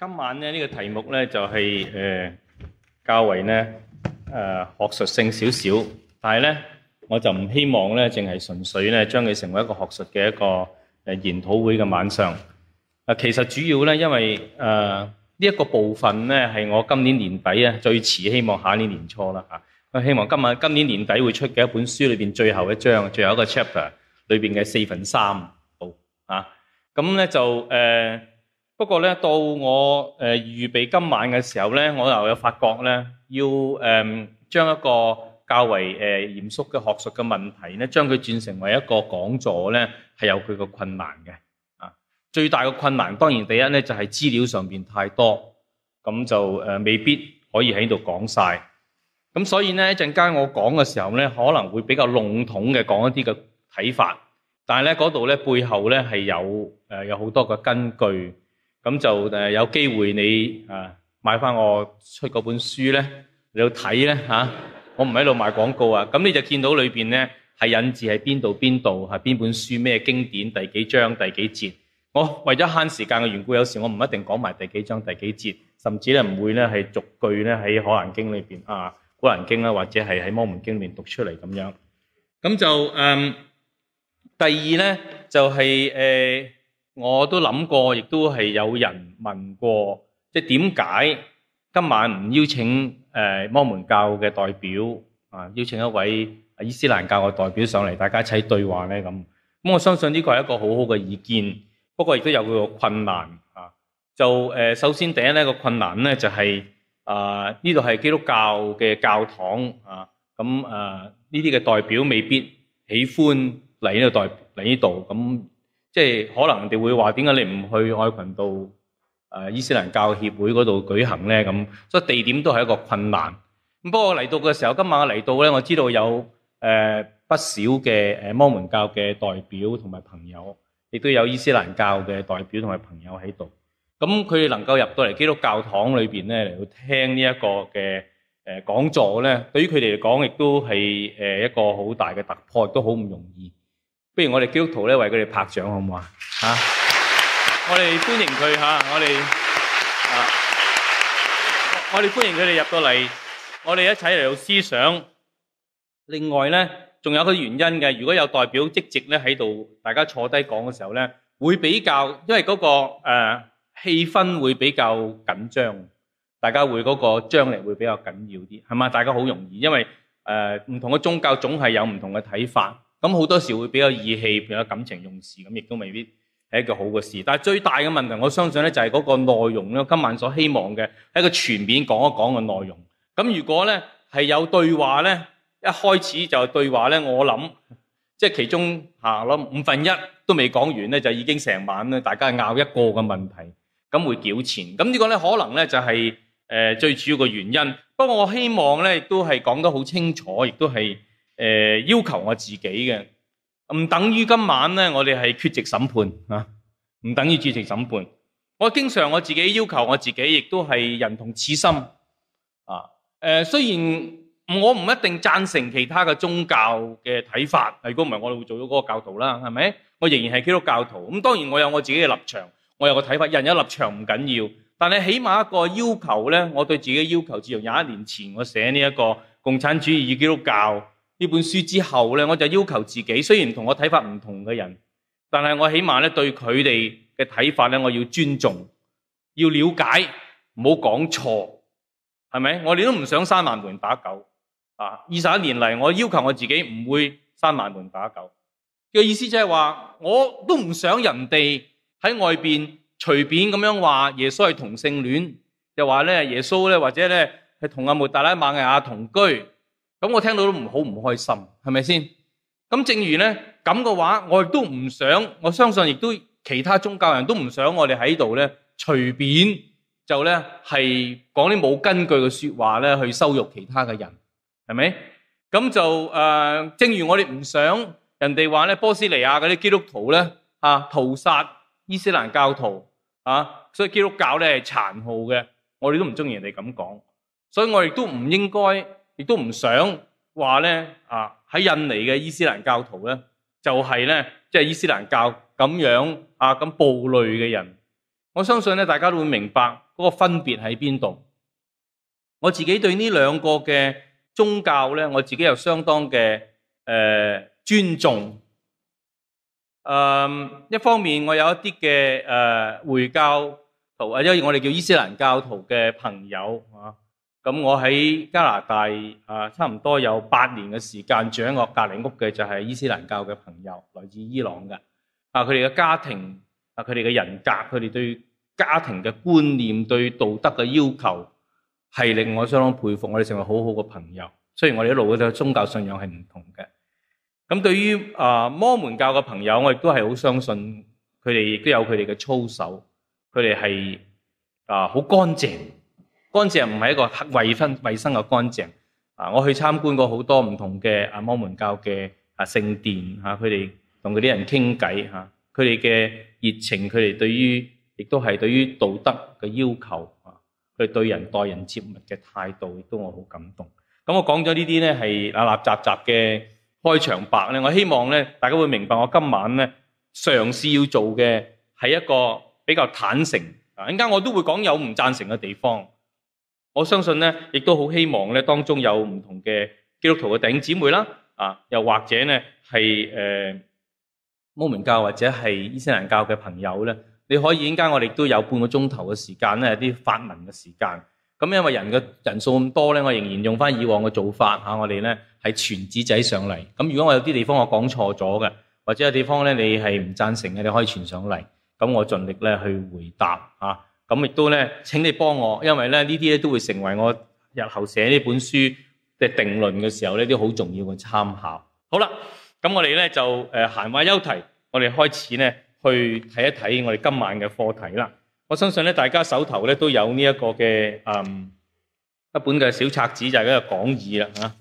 今晚咧呢、這個題目呢，就係、是、誒、呃、較為呢誒、呃、學術性少少，但係呢，我就唔希望呢淨係純粹呢將佢成為一個學術嘅一個誒、呃、研討會嘅晚上。其實主要呢，因為誒呢一個部分呢，係我今年年底呢，最遲希望下年年初啦吓、啊。希望今日今年年底會出嘅一本書裏邊最後一章，最後一個 chapter 裏邊嘅四分三部啊，咁呢就誒。呃不過咧，到我誒預備今晚嘅時候咧，我又發覺咧，要誒將、嗯、一個較為誒嚴肅嘅學術嘅問題咧，將佢轉成為一個講座咧，係有佢個困難嘅。啊，最大個困難當然第一咧，就係、是、資料上邊太多，咁就誒、呃、未必可以喺度講晒。咁所以咧一陣間我講嘅時候咧，可能會比較籠統嘅講一啲嘅睇法，但係咧嗰度咧背後咧係有誒有好多個根據。咁就誒，有機會你啊買翻我出嗰本書咧，你要睇咧吓，我唔喺度賣廣告啊。咁你就見到裏邊咧係引自喺邊度邊度，係邊本書咩經典，第幾章第幾節。我為咗慳時間嘅緣故，有時我唔一定講埋第幾章第幾節，甚至咧唔會咧係逐句咧喺《可蘭經》裏邊啊，《古蘭經》啦，或者係喺《摩門經》裡面讀出嚟咁樣。咁就嗯，第二咧就係、是、誒。呃我都諗過，亦都係有人問過，即係點解今晚唔邀請誒摩門教嘅代表啊，邀請一位伊斯蘭教嘅代表上嚟，大家一齊對話咧咁。咁我相信呢個係一個好好嘅意見，不過亦都有佢個困難啊。就誒，首先第一呢個困難咧就係啊，呢度係基督教嘅教堂啊，咁啊呢啲嘅代表未必喜歡嚟呢度代嚟呢度咁。即係可能人哋會話，點解你唔去愛群道誒伊斯蘭教協會嗰度舉行咧咁，所以地點都係一個困難，咁不過嚟到嘅時候，今晚我嚟到咧，我知道有誒不少嘅誒摩門教嘅代表同埋朋友，亦都有伊斯蘭教嘅代表同埋朋友喺度。咁佢哋能夠入到嚟基督教堂裏邊咧嚟到聽呢一個嘅誒講座咧，對於佢哋嚟講亦都係誒一個好大嘅突破，都好唔容易。不如我哋基督徒咧，為佢哋拍掌好唔好啊？嚇！我哋歡迎佢嚇，我哋啊，我哋歡迎佢哋入到嚟，我哋一齊嚟做思想。另外咧，仲有個原因嘅。如果有代表積極咧喺度，大家坐低講嘅時候咧，會比較，因為嗰個誒氣氛會比較緊張，大家會嗰個張力會比較緊要啲，係嘛？大家好容易，因為誒唔同嘅宗教總係有唔同嘅睇法。咁好多時候會比較意氣，比較感情用事，咁亦都未必係一個好嘅事。但係最大嘅問題，我相信呢就係嗰個內容。今晚所希望嘅係一個全面講一講嘅內容。咁如果呢係有對話呢，一開始就對話呢，我諗即係其中下囉、啊、五分一都未講完呢就已經成晚咧大家拗一個嘅問題，咁會糾纏。咁呢個呢，可能呢就係、是呃、最主要嘅原因。不過我希望呢都係講得好清楚，亦都係。誒、呃，要求我自己嘅，唔等於今晚咧，我哋係缺席審判吓，唔、啊、等於主席審判。我經常我自己要求我自己，亦都係人同此心啊。誒、呃，雖然我唔一定贊成其他嘅宗教嘅睇法，如果唔係我哋會做咗嗰個教徒啦，係咪？我仍然係基督教徒。咁當然我有我自己嘅立場，我有個睇法。人有立場唔緊要，但係起碼一個要求咧，我對自己嘅要求，自從廿一年前我寫呢一個共產主義與基督教。呢本書之後呢，我就要求自己，雖然和我看法不同我睇法唔同嘅人，但係我起碼咧對佢哋嘅睇法呢，我要尊重，要了解，唔好講錯，係咪？我哋都唔想閂埋門打狗。啊！二十一年嚟，我要求我自己唔會閂埋門打狗。嘅意思就是說，就係話我都唔想人哋喺外面隨便咁樣話耶穌係同性戀，就話呢，「耶穌呢，或者呢，係同阿莫達拉瑪尼亞同居。咁我聽到都唔好唔開心，係咪先？咁正如呢咁嘅話，我亦都唔想，我相信亦都其他宗教人都唔想我哋喺度呢，隨便就呢係講啲冇根據嘅說話呢去羞辱其他嘅人，係咪？咁就誒，正如我哋唔想人哋話呢，波斯尼亞嗰啲基督徒呢啊屠殺伊斯蘭教徒啊，所以基督教呢係殘酷嘅，我哋都唔中意人哋咁講，所以我亦都唔應該。亦都唔想話呢，啊喺印尼嘅伊斯蘭教徒是呢，就係呢，即係伊斯蘭教咁樣啊咁暴戾嘅人。我相信呢，大家都會明白嗰個分別喺邊度。我自己對呢兩個嘅宗教呢，我自己有相當嘅誒、呃、尊重。嗯、呃，一方面我有一啲嘅誒回教徒啊，即係我哋叫伊斯蘭教徒嘅朋友啊。咁我喺加拿大啊，差唔多有八年嘅時間，住喺我隔籬屋嘅就係伊斯蘭教嘅朋友，來自伊朗嘅啊，佢哋嘅家庭啊，佢哋嘅人格，佢哋對家庭嘅觀念，對道德嘅要求，係令我相當佩服，我哋成為好好嘅朋友。雖然我哋一路嘅宗教信仰係唔同嘅，咁對於啊摩門教嘅朋友，我亦都係好相信佢哋亦都有佢哋嘅操守，佢哋係啊好乾淨。乾淨唔係一個衛生衛生嘅乾淨啊！我去參觀過好多唔同嘅啊摩門教嘅聖殿吓，佢哋同嗰啲人傾偈吓，佢哋嘅熱情，佢哋對於亦都係對於道德嘅要求，佢對人待人接物嘅態度，亦都我好感動。咁我講咗呢啲咧係立立雜雜嘅開場白咧，我希望咧大家會明白我今晚咧嘗試要做嘅係一個比較坦誠啊，一陣間我都會講有唔讚成嘅地方。我相信呢，亦都好希望呢，當中有唔同嘅基督徒嘅弟兄姊妹啦，啊，又或者呢，係、呃、誒摩門教或者係伊斯蘭教嘅朋友呢，你可以應該我哋都有半個鐘頭嘅時間呢，啲發問嘅時間。咁因為人嘅人數咁多咧，我仍然用翻以往嘅做法嚇，我哋咧係傳紙仔上嚟。咁如果我有啲地方我講錯咗嘅，或者有地方咧你係唔贊成嘅，你可以傳上嚟，咁我盡力咧去回答咁亦都咧，請你幫我，因為咧呢啲咧都會成為我日後寫呢本書嘅定論嘅時候呢啲好重要嘅參考。好啦，咁我哋咧就誒、呃、閒話休題，我哋開始咧去睇一睇我哋今晚嘅課題啦。我相信咧，大家手頭咧都有呢一個嘅誒、嗯、一本嘅小冊子，就係、是、嗰個講義啦、啊。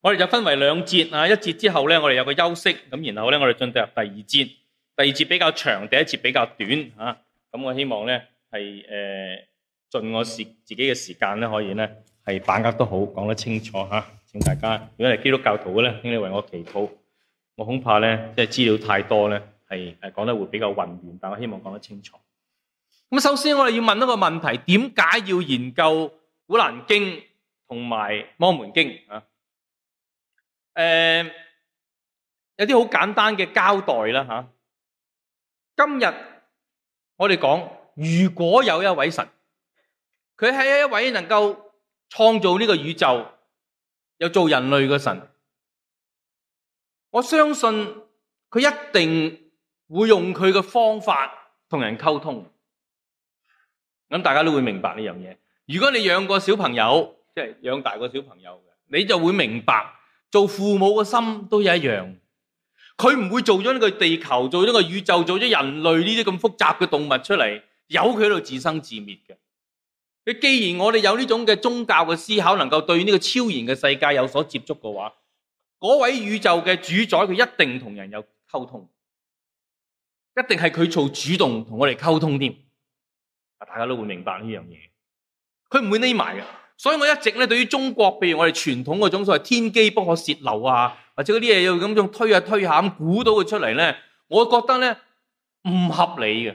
我哋就分為兩節啊，一節之後咧，我哋有個休息，咁然後咧，我哋進入第二節。第二節比較長，第一節比較短、啊。咁我希望咧，係誒、呃、盡我時自己嘅時間咧，可以咧係把握得好講得清楚嚇。請大家，如果係基督教徒嘅咧，請你為我祈禱。我恐怕咧，即係資料太多咧，係誒講得會比較混亂，但我希望講得清楚。咁首先我哋要問一個問題：點解要研究《古蘭經》同埋《摩門經》啊？誒、呃，有啲好簡單嘅交代啦嚇、啊。今日。我哋講，如果有一位神，佢係一位能夠創造呢個宇宙又做人類嘅神，我相信佢一定會用佢嘅方法同人溝通。咁大家都會明白呢樣嘢。如果你養過小朋友，即係養大過小朋友，你就會明白做父母嘅心都一樣。佢唔會做咗呢個地球，做咗個宇宙，做咗人類呢啲咁複雜嘅動物出嚟，由佢喺度自生自滅嘅。既然我哋有呢種嘅宗教嘅思考，能夠對呢個超然嘅世界有所接觸嘅話，嗰位宇宙嘅主宰，佢一定同人有溝通，一定係佢做主動同我哋溝通添。大家都會明白呢樣嘢，佢唔會匿埋嘅。所以我一直咧對於中國，譬如我哋傳統嗰種所謂天機不可洩漏啊，或者嗰啲嘢要咁樣推下推下咁估到佢出嚟呢，我覺得呢唔合理嘅。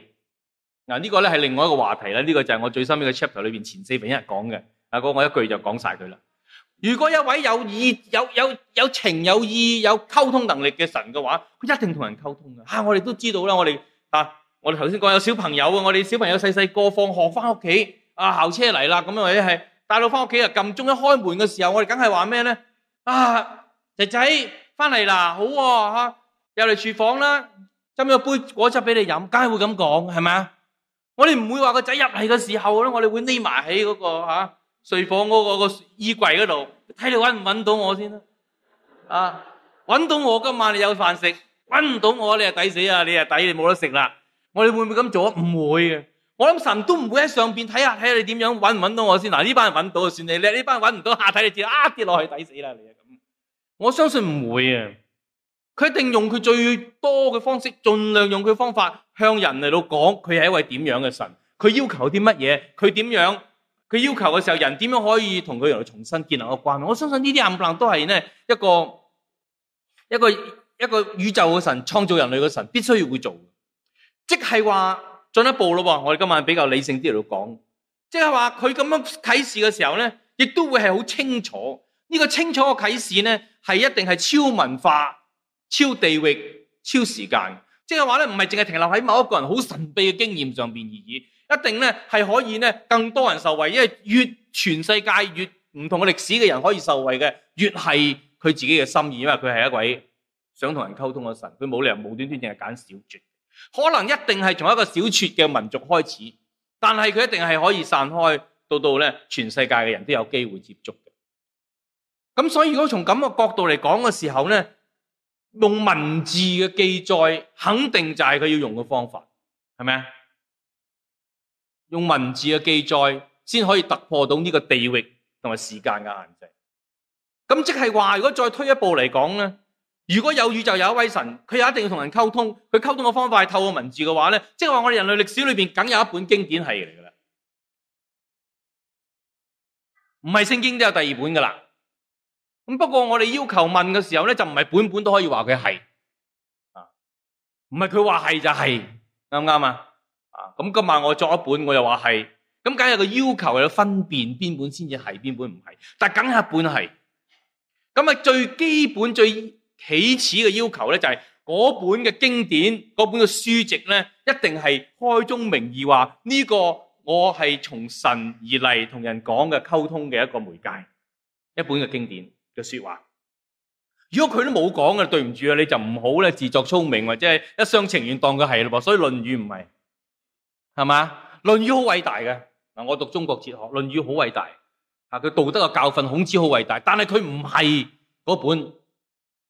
嗱，呢個呢係另外一個話題。呢個就係我最新嘅 chapter 裏面前四分一講嘅。嗰個我一句就講曬佢啦。如果一位有意有，有，有情有意有溝通能力嘅神嘅話，佢一定同人溝通嘅。啊，我哋都知道啦，我哋啊，我哋頭先講有小朋友，我哋小朋友細細個放學返屋企啊校車嚟啦咁或者係。大佬返屋企啊，撳鐘一開門嘅時候，我哋梗係話咩呢？啊，仔仔返嚟啦，好喎、啊！吓，入嚟廚房啦，斟咗杯果汁俾你飲。梗係會咁講係咪？我哋唔會話個仔入嚟嘅時候，我哋會匿埋喺嗰個吓睡房嗰個個衣櫃嗰度，睇你搵唔搵到我先啦、啊。啊，搵到我今晚你有飯食，搵唔到我你係抵死呀！你係抵，你冇得食啦。我哋會唔會咁做？唔會嘅。我諗神都唔會喺上邊睇下睇下你點樣揾唔揾到我先，嗱呢班揾到就算你叻，呢班揾唔到下睇你跌，啊，啊跌落去抵死啦你啊！我相信唔會啊，佢一定用佢最多嘅方式，盡量用佢方法向人嚟到講佢係一位點樣嘅神，佢要求啲乜嘢，佢點樣，佢要求嘅時候人點樣可以同佢重新建立一個關係。我相信呢啲冚唪唥都係一個一個一個宇宙嘅神創造人類嘅神必須要會做的，即係話。進一步咯喎，我哋今晚比較理性啲嚟講，即係話佢噉樣啟示嘅時候呢，亦都會係好清楚。呢個清楚嘅啟示呢，係一定係超文化、超地域、超時間。即係話呢，唔係淨係停留喺某一個人好神秘嘅經驗上面而已。一定呢，係可以呢，更多人受惠，因為越全世界越唔同嘅歷史嘅人可以受惠嘅，越係佢自己嘅心意。因為佢係一位想同人溝通嘅神，佢冇理由無端端淨係揀小節。可能一定是從一個小撮嘅民族開始，但是佢一定是可以散開到到全世界嘅人都有機會接觸的。咁所以如果從咁嘅角度嚟講嘅時候呢，用文字嘅記載肯定就是佢要用嘅方法，是咪啊？用文字嘅記載先可以突破到呢個地域同埋時間嘅限制。咁即係話，如果再推一步嚟講呢如果有宇宙有一位神，佢又一定要同人溝通，佢溝通嘅方法係透過文字嘅話咧，即係話我哋人類歷史裏邊梗有一本經典係嚟噶啦，唔係聖經都有第二本噶啦。咁不過我哋要求問嘅時候咧，就唔係本本都可以話佢係，啊、就是，唔係佢話係就係，啱唔啱啊？啊，咁今晚我作一本，我又話係，咁梗係個要求有分辨邊本先至係邊本唔係，但梗係本係，咁啊最基本最。起始嘅要求咧、就是，就係嗰本嘅經典，嗰本嘅書籍咧，一定係開宗明義話呢、呢個我係從神而嚟同人講嘅溝通嘅一個媒介，一本嘅經典嘅說話。如果佢都冇講嘅，對唔住啊，你就唔好咧自作聰明或者係一廂情願當佢係咯，噃，所以論語《論語》唔係係嘛，《論語》好偉大嘅。嗱，我讀中國哲學，《論語》好偉大啊！佢道德嘅教訓，孔子好偉大，但係佢唔係嗰本。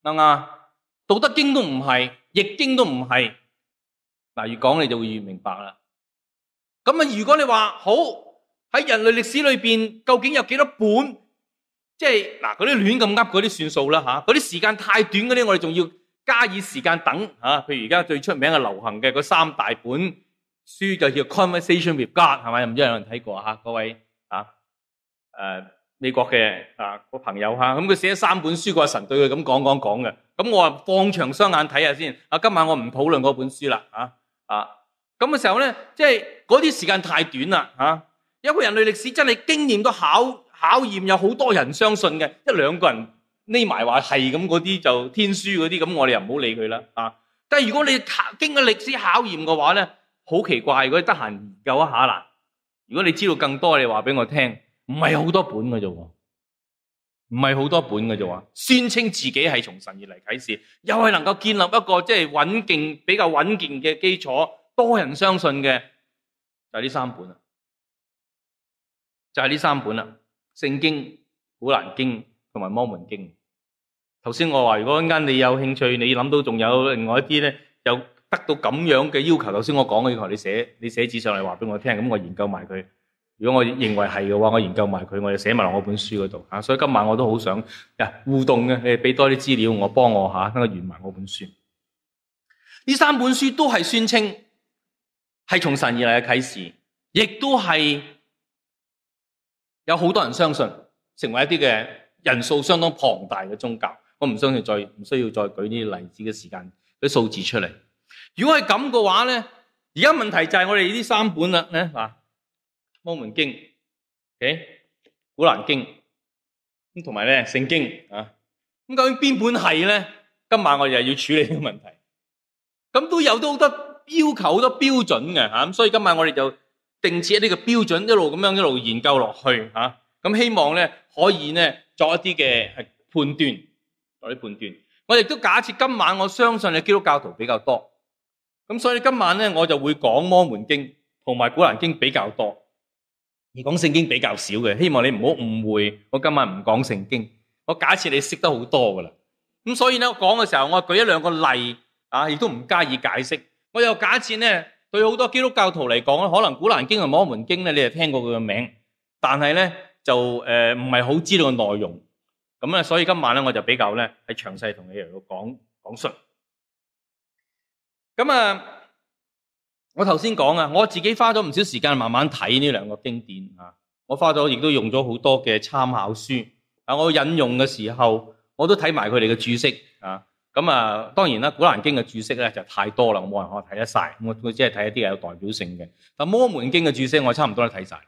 啱唔啱？道德經都唔係，易經都唔係，嗱，越講你就會越明白啦。咁如果你話好喺人類歷史裏面究竟有幾多本？即係嗱，嗰啲亂咁噏嗰啲算數啦吓。嗰啲時間太短嗰啲，我哋仲要加以時間等吓。譬如而家最出名嘅流行嘅嗰三大本書就叫 Conversation with God，係咪？唔知道有冇人睇過啊？各位啊，美國嘅啊個朋友哈，佢寫咗三本書，佢話神對佢咁講講講嘅。我話放長雙眼睇下先。今晚我唔討論嗰本書啦。啊啊，咁嘅時候呢，即係嗰啲時間太短啦，啊。因為人類歷史真係經驗都考考驗，有好多人相信嘅。一兩個人匿埋話係咁，嗰啲就天書嗰啲，咁我哋就唔好理佢啦。啊，但如果你經過歷史考驗嘅話呢，好奇怪。如果你得閒研究一下啦，如果你知道更多，你話俾我聽。唔係好多本嘅啫，唔係好多本嘅啫。話宣稱自己係從神而嚟啟示，又係能夠建立一個即係穩健、比較穩健嘅基礎，多人相信嘅就係呢三本啦，就係呢三本啦。聖經、古蘭經同埋摩門經。頭先我話，如果一陣間你有興趣，你諗到仲有另外一啲咧，有得到咁樣嘅要求。頭先我講嘅要求，你寫你寫紙上嚟話俾我聽，咁我研究埋佢。如果我認為係嘅話，我研究埋佢，我哋寫埋落我本書嗰度。所以今晚我都好想啊互動嘅，你俾多啲資料我，幫我吓，等我完埋我本書。呢三本書都係宣稱係從神而嚟嘅啟示，亦都係有好多人相信，成為一啲嘅人數相當龐大嘅宗教。我唔相信再唔需要再舉呢啲例子嘅時間，啲數字出嚟。如果係咁嘅話咧，而家問題就係我哋呢三本啦咧，啊摩門經，OK，古蘭經，同埋咧聖經啊，咁究竟邊本係咧？今晚我哋又要處理呢個問題，咁都有好多要求，好多標準嘅吓，咁、啊、所以今晚我哋就定設一啲嘅標準，一路咁樣一路研究落去吓，咁、啊、希望咧可以咧作一啲嘅判斷，作啲判斷。我亦都假設今晚我相信嘅基督教徒比較多，咁所以今晚咧我就會講摩門經同埋古蘭經比較多。講聖經比較少的，希望你不要誤會，我今晚不講聖經，我假設你識得很多㗎喇。所以呢，我講的時候，我舉一兩個例，也不加以解釋。我又假設呢，對很多基督教徒來講，可能古蘭經和摩門經，你是聽過他的名，但是呢，就，呃，不是很知道的內容。所以今晚呢，我就比較呢，係詳細跟你講，講述。咁呀。我頭先講啊，我自己花咗唔少時間慢慢睇呢兩個經典啊，我花咗亦都用咗好多嘅參考書啊。我引用嘅時候，我都睇埋佢哋嘅注釋啊。咁啊，當然啦，《古蘭經》嘅注釋呢就太多啦，我冇人可睇得晒。我只係睇一啲有代表性嘅。但《摩門經》嘅注釋我不，我差唔多都睇晒。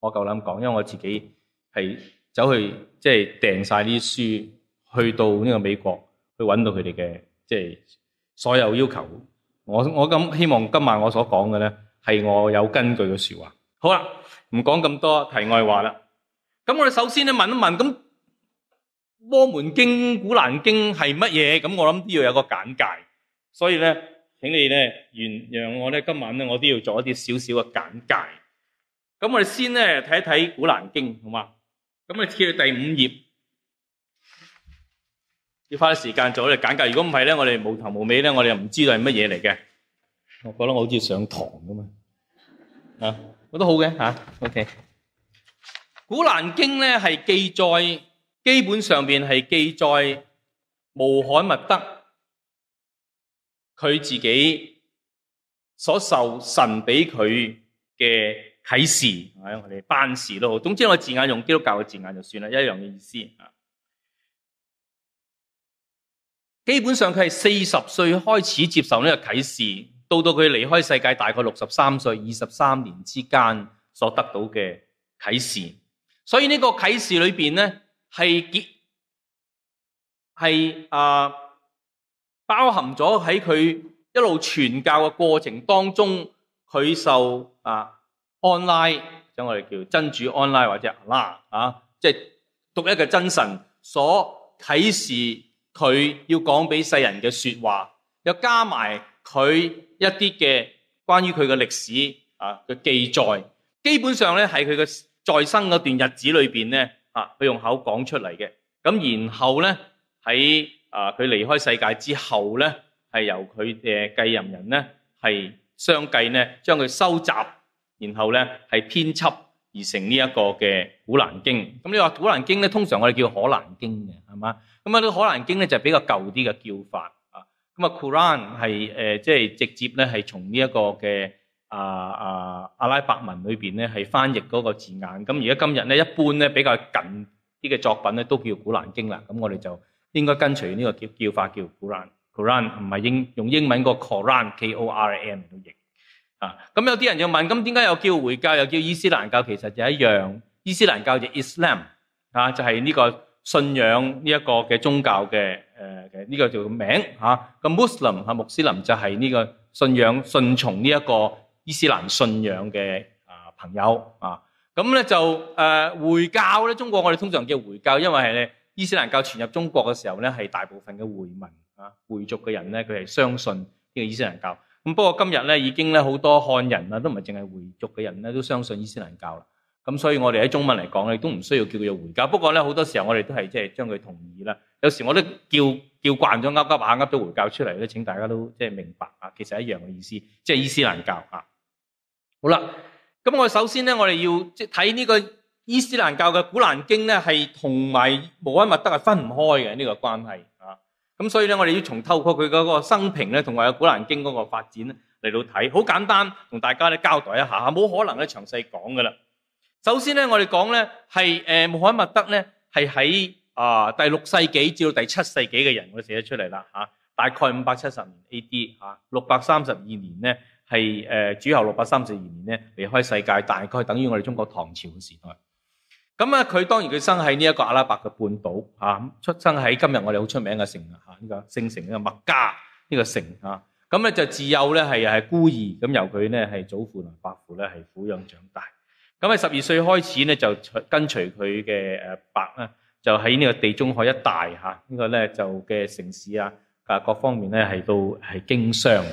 我夠膽講，因為我自己係走去即係、就是、訂晒啲書，去到呢個美國去揾到佢哋嘅即係所有要求。我我咁希望今晚我所講嘅咧，係我有根據嘅說話。好啦，唔講咁多題外話啦。咁我哋首先咧，問一問，咁《摩門經》《古蘭經》係乜嘢？咁我諗都要有個簡介。所以咧，請你咧原諒我咧，今晚咧，我都要做一啲少少嘅簡介。咁我哋先咧，睇一睇《古蘭經》，好嘛？咁你切去第五頁。要花啲時間做個簡介，如果唔係咧，我哋無頭無尾咧，我哋又唔知道係乜嘢嚟嘅。我覺得我好似上堂咁啊！我都好嘅嚇，OK。《古蘭經》咧係記載，基本上面係記載穆罕默德佢自己所受神俾佢嘅啟示，係我哋辦事都好，總之我字眼用基督教嘅字眼就算啦，一樣嘅意思啊。基本上佢係四十歲開始接受呢個啟示，到到佢離開世界大概六十三歲，二十三年之間所得到嘅啟示。所以呢個啟示裏面呢，係結係啊，包含咗喺佢一路傳教嘅過程當中，佢受啊安拉，即我哋叫真主安拉或者阿拉啊，即係獨一嘅真神所啟示。佢要講俾世人嘅說話，又加埋佢一啲嘅關於佢嘅歷史啊嘅記載，基本上咧係佢嘅在生嗰段日子裏面咧，佢用口講出嚟嘅。咁然後咧喺啊佢離開世界之後咧，係由佢嘅繼任人咧係相繼咧將佢收集，然後咧係編輯而成呢一個嘅《古蘭經》。咁你話《古蘭經》咧，通常我哋叫可蘭《可蘭經》嘅，係嘛？咁啊，個可蘭經咧就是比較舊啲嘅叫法啊。咁啊，《Quran》係即係直接從係從呢一個嘅啊啊阿拉伯文裏面係翻譯嗰個字眼。咁而家今日一般比較近啲嘅作品都叫古蘭經啦。咁我哋就應該跟隨呢個叫法叫 Quran《Quran》，《Quran》唔係英用英文個《Quran》，K-O-R-A-N 都譯啊。咁有啲人就問，為點解又叫回教又叫伊斯蘭教？其實就一樣，伊斯蘭教就 Islam 啊，就是這個信仰呢個宗教嘅呢個叫名嚇，咁穆斯林就係呢個信仰、信從呢個伊斯蘭信仰嘅朋友啊。咁咧就回教，中國我哋通常叫回教，因為係伊斯蘭教傳入中國嘅時候呢，係大部分嘅回民啊回族嘅人呢，佢係相信呢個伊斯蘭教。不過今日呢，已經好多漢人啊，都唔係淨係回族嘅人，都相信伊斯蘭教了。咁所以我哋喺中文嚟講咧，都唔需要叫佢回教。不過呢，好多時候我哋都係即係將佢同意啦。有時候我都叫叫慣咗，鈎鈎下鈎回教出嚟咧。請大家都即係明白，其實是一樣嘅意思，即係伊斯蘭教。好啦，咁我首先呢，我哋要看睇呢個伊斯蘭教嘅古蘭經呢，係同埋穆罕默德係分唔開嘅呢個關係啊。咁所以呢，我哋要從透過佢嗰個生平呢，同埋古蘭經嗰個發展嚟到睇。好簡單，同大家交代一下嚇，冇可能咧詳細講噶啦。首先咧，我哋講咧係誒穆罕默德咧係喺啊第六世紀至到第七世紀嘅人，我寫咗出嚟啦吓，大概五百七十年 A.D. 吓，六百三十二年咧係誒主後六百三十二年咧離開世界，大概等於我哋中國唐朝嘅時代。咁啊，佢當然佢生喺呢一個阿拉伯嘅半島吓，出生喺今日我哋好出名嘅城吓，呢、呢個聖城呢、呢個麥加呢、呢個城吓。咁咧就自幼咧係係孤兒，咁由佢咧係祖父同伯父咧係撫養長大。咁喺十二歲開始呢就跟隨佢嘅伯，呢就喺呢個地中海一帶。吓，呢個呢，就嘅城市啊，各方面呢，係都係經商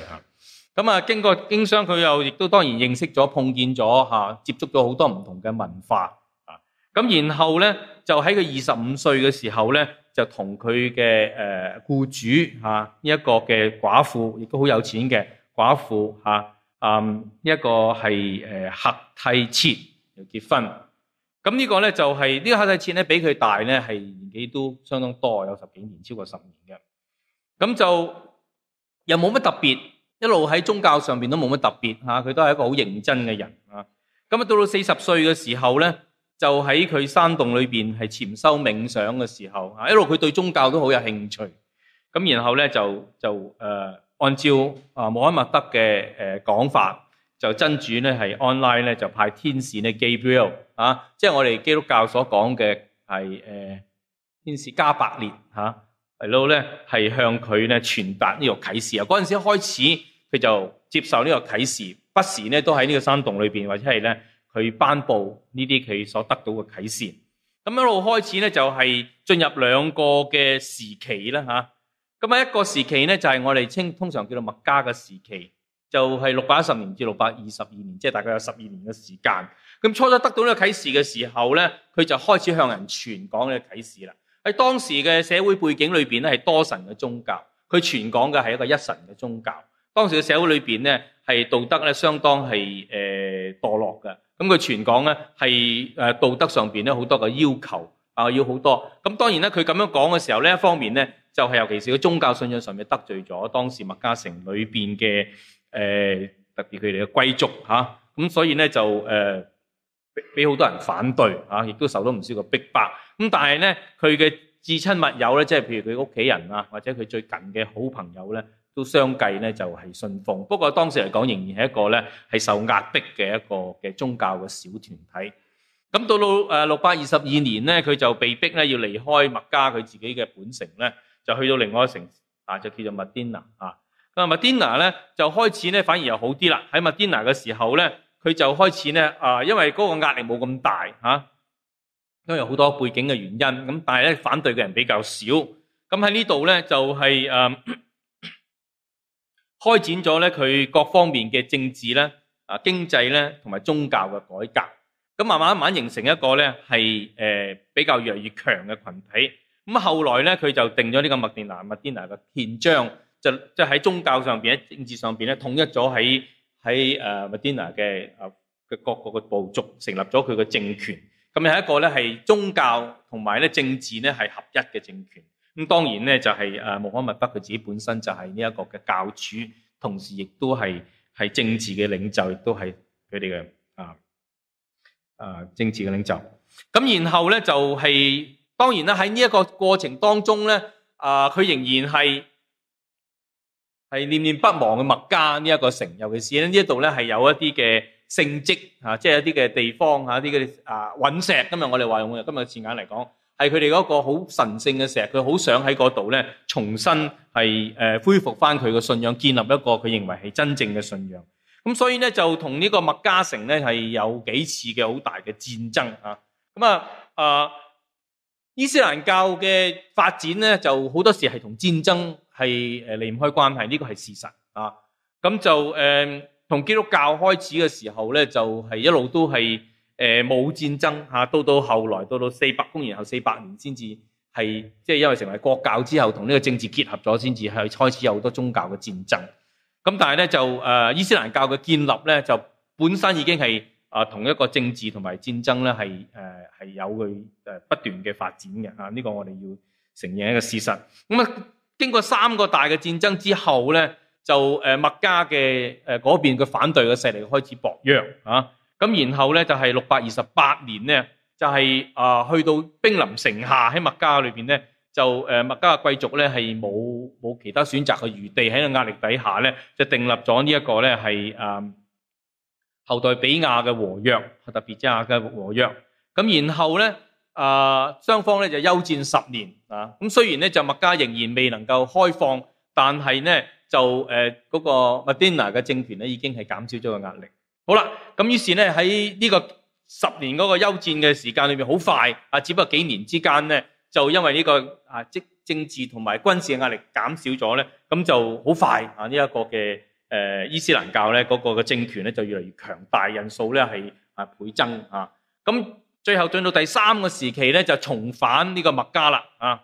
咁啊，經過經商他，佢又亦都當然認識咗、碰見咗、啊、接觸咗好多唔同嘅文化咁、啊、然後呢，就喺佢二十五歲嘅時候呢，就同佢嘅誒僱主呢一個、啊這個嘅寡婦，亦都好有錢嘅寡婦吓、啊，嗯，呢、這、一個係誒赫替切結婚咁、就是這個、呢個咧就係呢個哈底切咧比佢大咧係年紀都相當多，有十幾年，超過十年嘅。咁就又冇乜特別，一路喺宗教上邊都冇乜特別吓，佢都係一個好認真嘅人啊。咁啊到到四十歲嘅時候咧，就喺佢山洞裏邊係潛修冥想嘅時候啊，一路佢對宗教都好有興趣。咁然後咧就就誒、呃、按照啊、呃、穆罕默德嘅誒、呃、講法。就真主呢是安拉咧就派天使咧 Gabriel 啊，即係我哋基督教所講嘅係誒天使加百列啊，係咯咧係向佢咧傳達呢個啟示啊。嗰陣時開始佢就接受呢個啟示，不時咧都喺呢個山洞裏邊或者係咧佢頒布呢啲佢所得到嘅啟示。咁一路開始咧就係進入兩個嘅時期啦吓。咁啊一個時期咧就係我哋稱通常叫做麥加嘅時期。就係六百一十年至六百二十二年，即係大概有十二年嘅時間。咁初初得到呢個啟示嘅時候咧，佢就開始向人傳講呢個啟示啦。喺當時嘅社會背景裏邊咧，係多神嘅宗教。佢傳講嘅係一個一神嘅宗教。當時嘅社會裏邊咧，係道德咧相當係誒墮落嘅。咁佢傳講咧係誒道德上邊咧好多嘅要求啊，要好多。咁當然咧，佢咁樣講嘅時候呢，一方面咧就係尤其是個宗教信仰上面得罪咗當時麥加城裏邊嘅。誒，特別佢哋嘅貴族吓，咁所以咧就誒，俾好多人反對吓，亦都受到唔少嘅逼迫。咁但係咧，佢嘅至親密友咧，即係譬如佢屋企人啊，或者佢最近嘅好朋友咧，都相繼咧就係信奉。不過當時嚟講，仍然係一個咧係受壓迫嘅一個嘅宗教嘅小團體。咁到到誒六百二十二年咧，佢就被逼咧要離開麥加佢自己嘅本城咧，就去到另外一城啊，就叫做麥迪娜啊。咁啊，麥蒂娜咧就開始反而又好啲喇。喺麥蒂娜嘅時候咧，佢就開始咧，因為嗰個壓力冇咁大，因為有好多背景嘅原因。咁但係反對嘅人比較少。咁喺呢度咧，就係誒開展咗咧佢各方面嘅政治咧、啊經濟同埋宗教嘅改革。咁慢慢慢形成一個咧係比較越嚟越強嘅群體。咁後來咧，佢就定咗呢個麥蒂娜麥蒂娜嘅憲章。就即係喺宗教上邊、喺政治上邊咧，統一咗喺喺誒麥地那嘅誒嘅各個嘅部族，成立咗佢嘅政權。咁又係一個咧係宗教同埋咧政治咧係合一嘅政權。咁當然咧就係誒穆罕默德佢自己本身就係呢一個嘅教主，同時亦都係係政治嘅領袖，亦都係佢哋嘅啊啊政治嘅領袖。咁然後咧就係、是、當然啦，喺呢一個過程當中咧啊，佢仍然係。係念念不忘嘅麥加呢一個城，尤其是咧呢度咧係有一啲嘅聖蹟啊，即係一啲嘅地方一些個啊隕石。今日我哋話用今日字眼嚟講，係佢哋嗰個好神聖嘅石，佢好想喺嗰度重新係誒、呃、恢復返佢嘅信仰，建立一個佢認為係真正嘅信仰。咁所以呢，就同呢個麥加城呢係有幾次嘅好大嘅戰爭啊。啊！伊斯蘭教嘅發展呢，就好多時係同戰爭係誒離唔開關係，呢個係事實啊。咁就誒，嗯、同基督教開始嘅時候呢，就係、是、一路都係誒冇戰爭到、啊、到後來到到四百公元後四百年先至係即係因為成為國教之後，同呢個政治結合咗，先至開始有好多宗教嘅戰爭。咁但係就、啊、伊斯蘭教嘅建立呢，就本身已經係。啊，同一個政治同埋戰爭咧，係誒係有佢誒不斷嘅發展嘅嚇，呢、這個我哋要承認一個事實。咁啊，經過三個大嘅戰爭之後咧，就誒麥加嘅誒嗰邊嘅反對嘅勢力開始薄弱嚇。咁然後咧就係六百二十八年咧，就係、是、啊去到兵臨城下喺麥加裏邊咧，就誒麥加嘅貴族咧係冇冇其他選擇嘅餘地喺個壓力底下咧，就訂立咗呢一個咧係啊。后代比亞嘅和約，特別之亞嘅和約，咁然後呢，啊、呃、雙方咧就休戰十年，咁雖然呢，就麥加仍然未能夠開放，但係呢，就誒嗰、呃那個麥地娜嘅政權咧已經係減少咗個壓力。好啦，咁於是呢，喺呢個十年嗰個休戰嘅時間裏面，好快，只不過幾年之間呢，就因為呢個政治同埋軍事嘅壓力減少咗呢，咁就好快啊呢一個嘅。誒、呃、伊斯蘭教咧嗰、那個嘅政權咧就越嚟越強大，人數咧係啊倍增啊。咁最後進到第三個時期咧，就重返呢個麥加啦啊。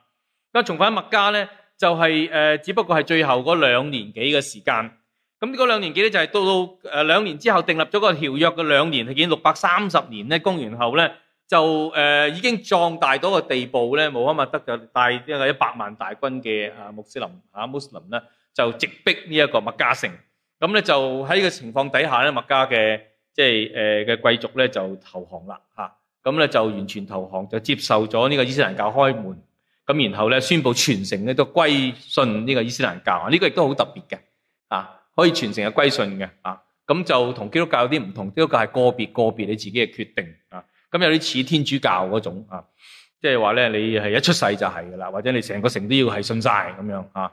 咁、啊、重返麥加咧，就係、是、誒、呃，只不過係最後嗰兩年幾嘅時間。咁嗰兩年幾咧，就係、是、到到誒兩年之後訂立咗個條約嘅兩年，已經六百三十年咧。公元後咧就誒、呃、已經壯大到個地步咧，穆罕默德就帶呢個一百萬大軍嘅啊穆斯林嚇、啊、穆斯林咧就直逼呢一個麥加城。咁咧就喺呢個情況底下咧，麥加嘅即係誒嘅貴族咧就投降啦吓，咁、啊、咧就完全投降，就接受咗呢個伊斯蘭教開門，咁然後咧宣布全城咧都歸信呢個伊斯蘭教，呢、啊呢個亦都好特別嘅啊，可以全城係歸信嘅啊，咁就同基督教有啲唔同，基督教係個別個別你自己嘅決定啊，咁有啲似天主教嗰種啊，即係話咧你係一出世就係噶啦，或者你成個城都要係信晒咁樣啊，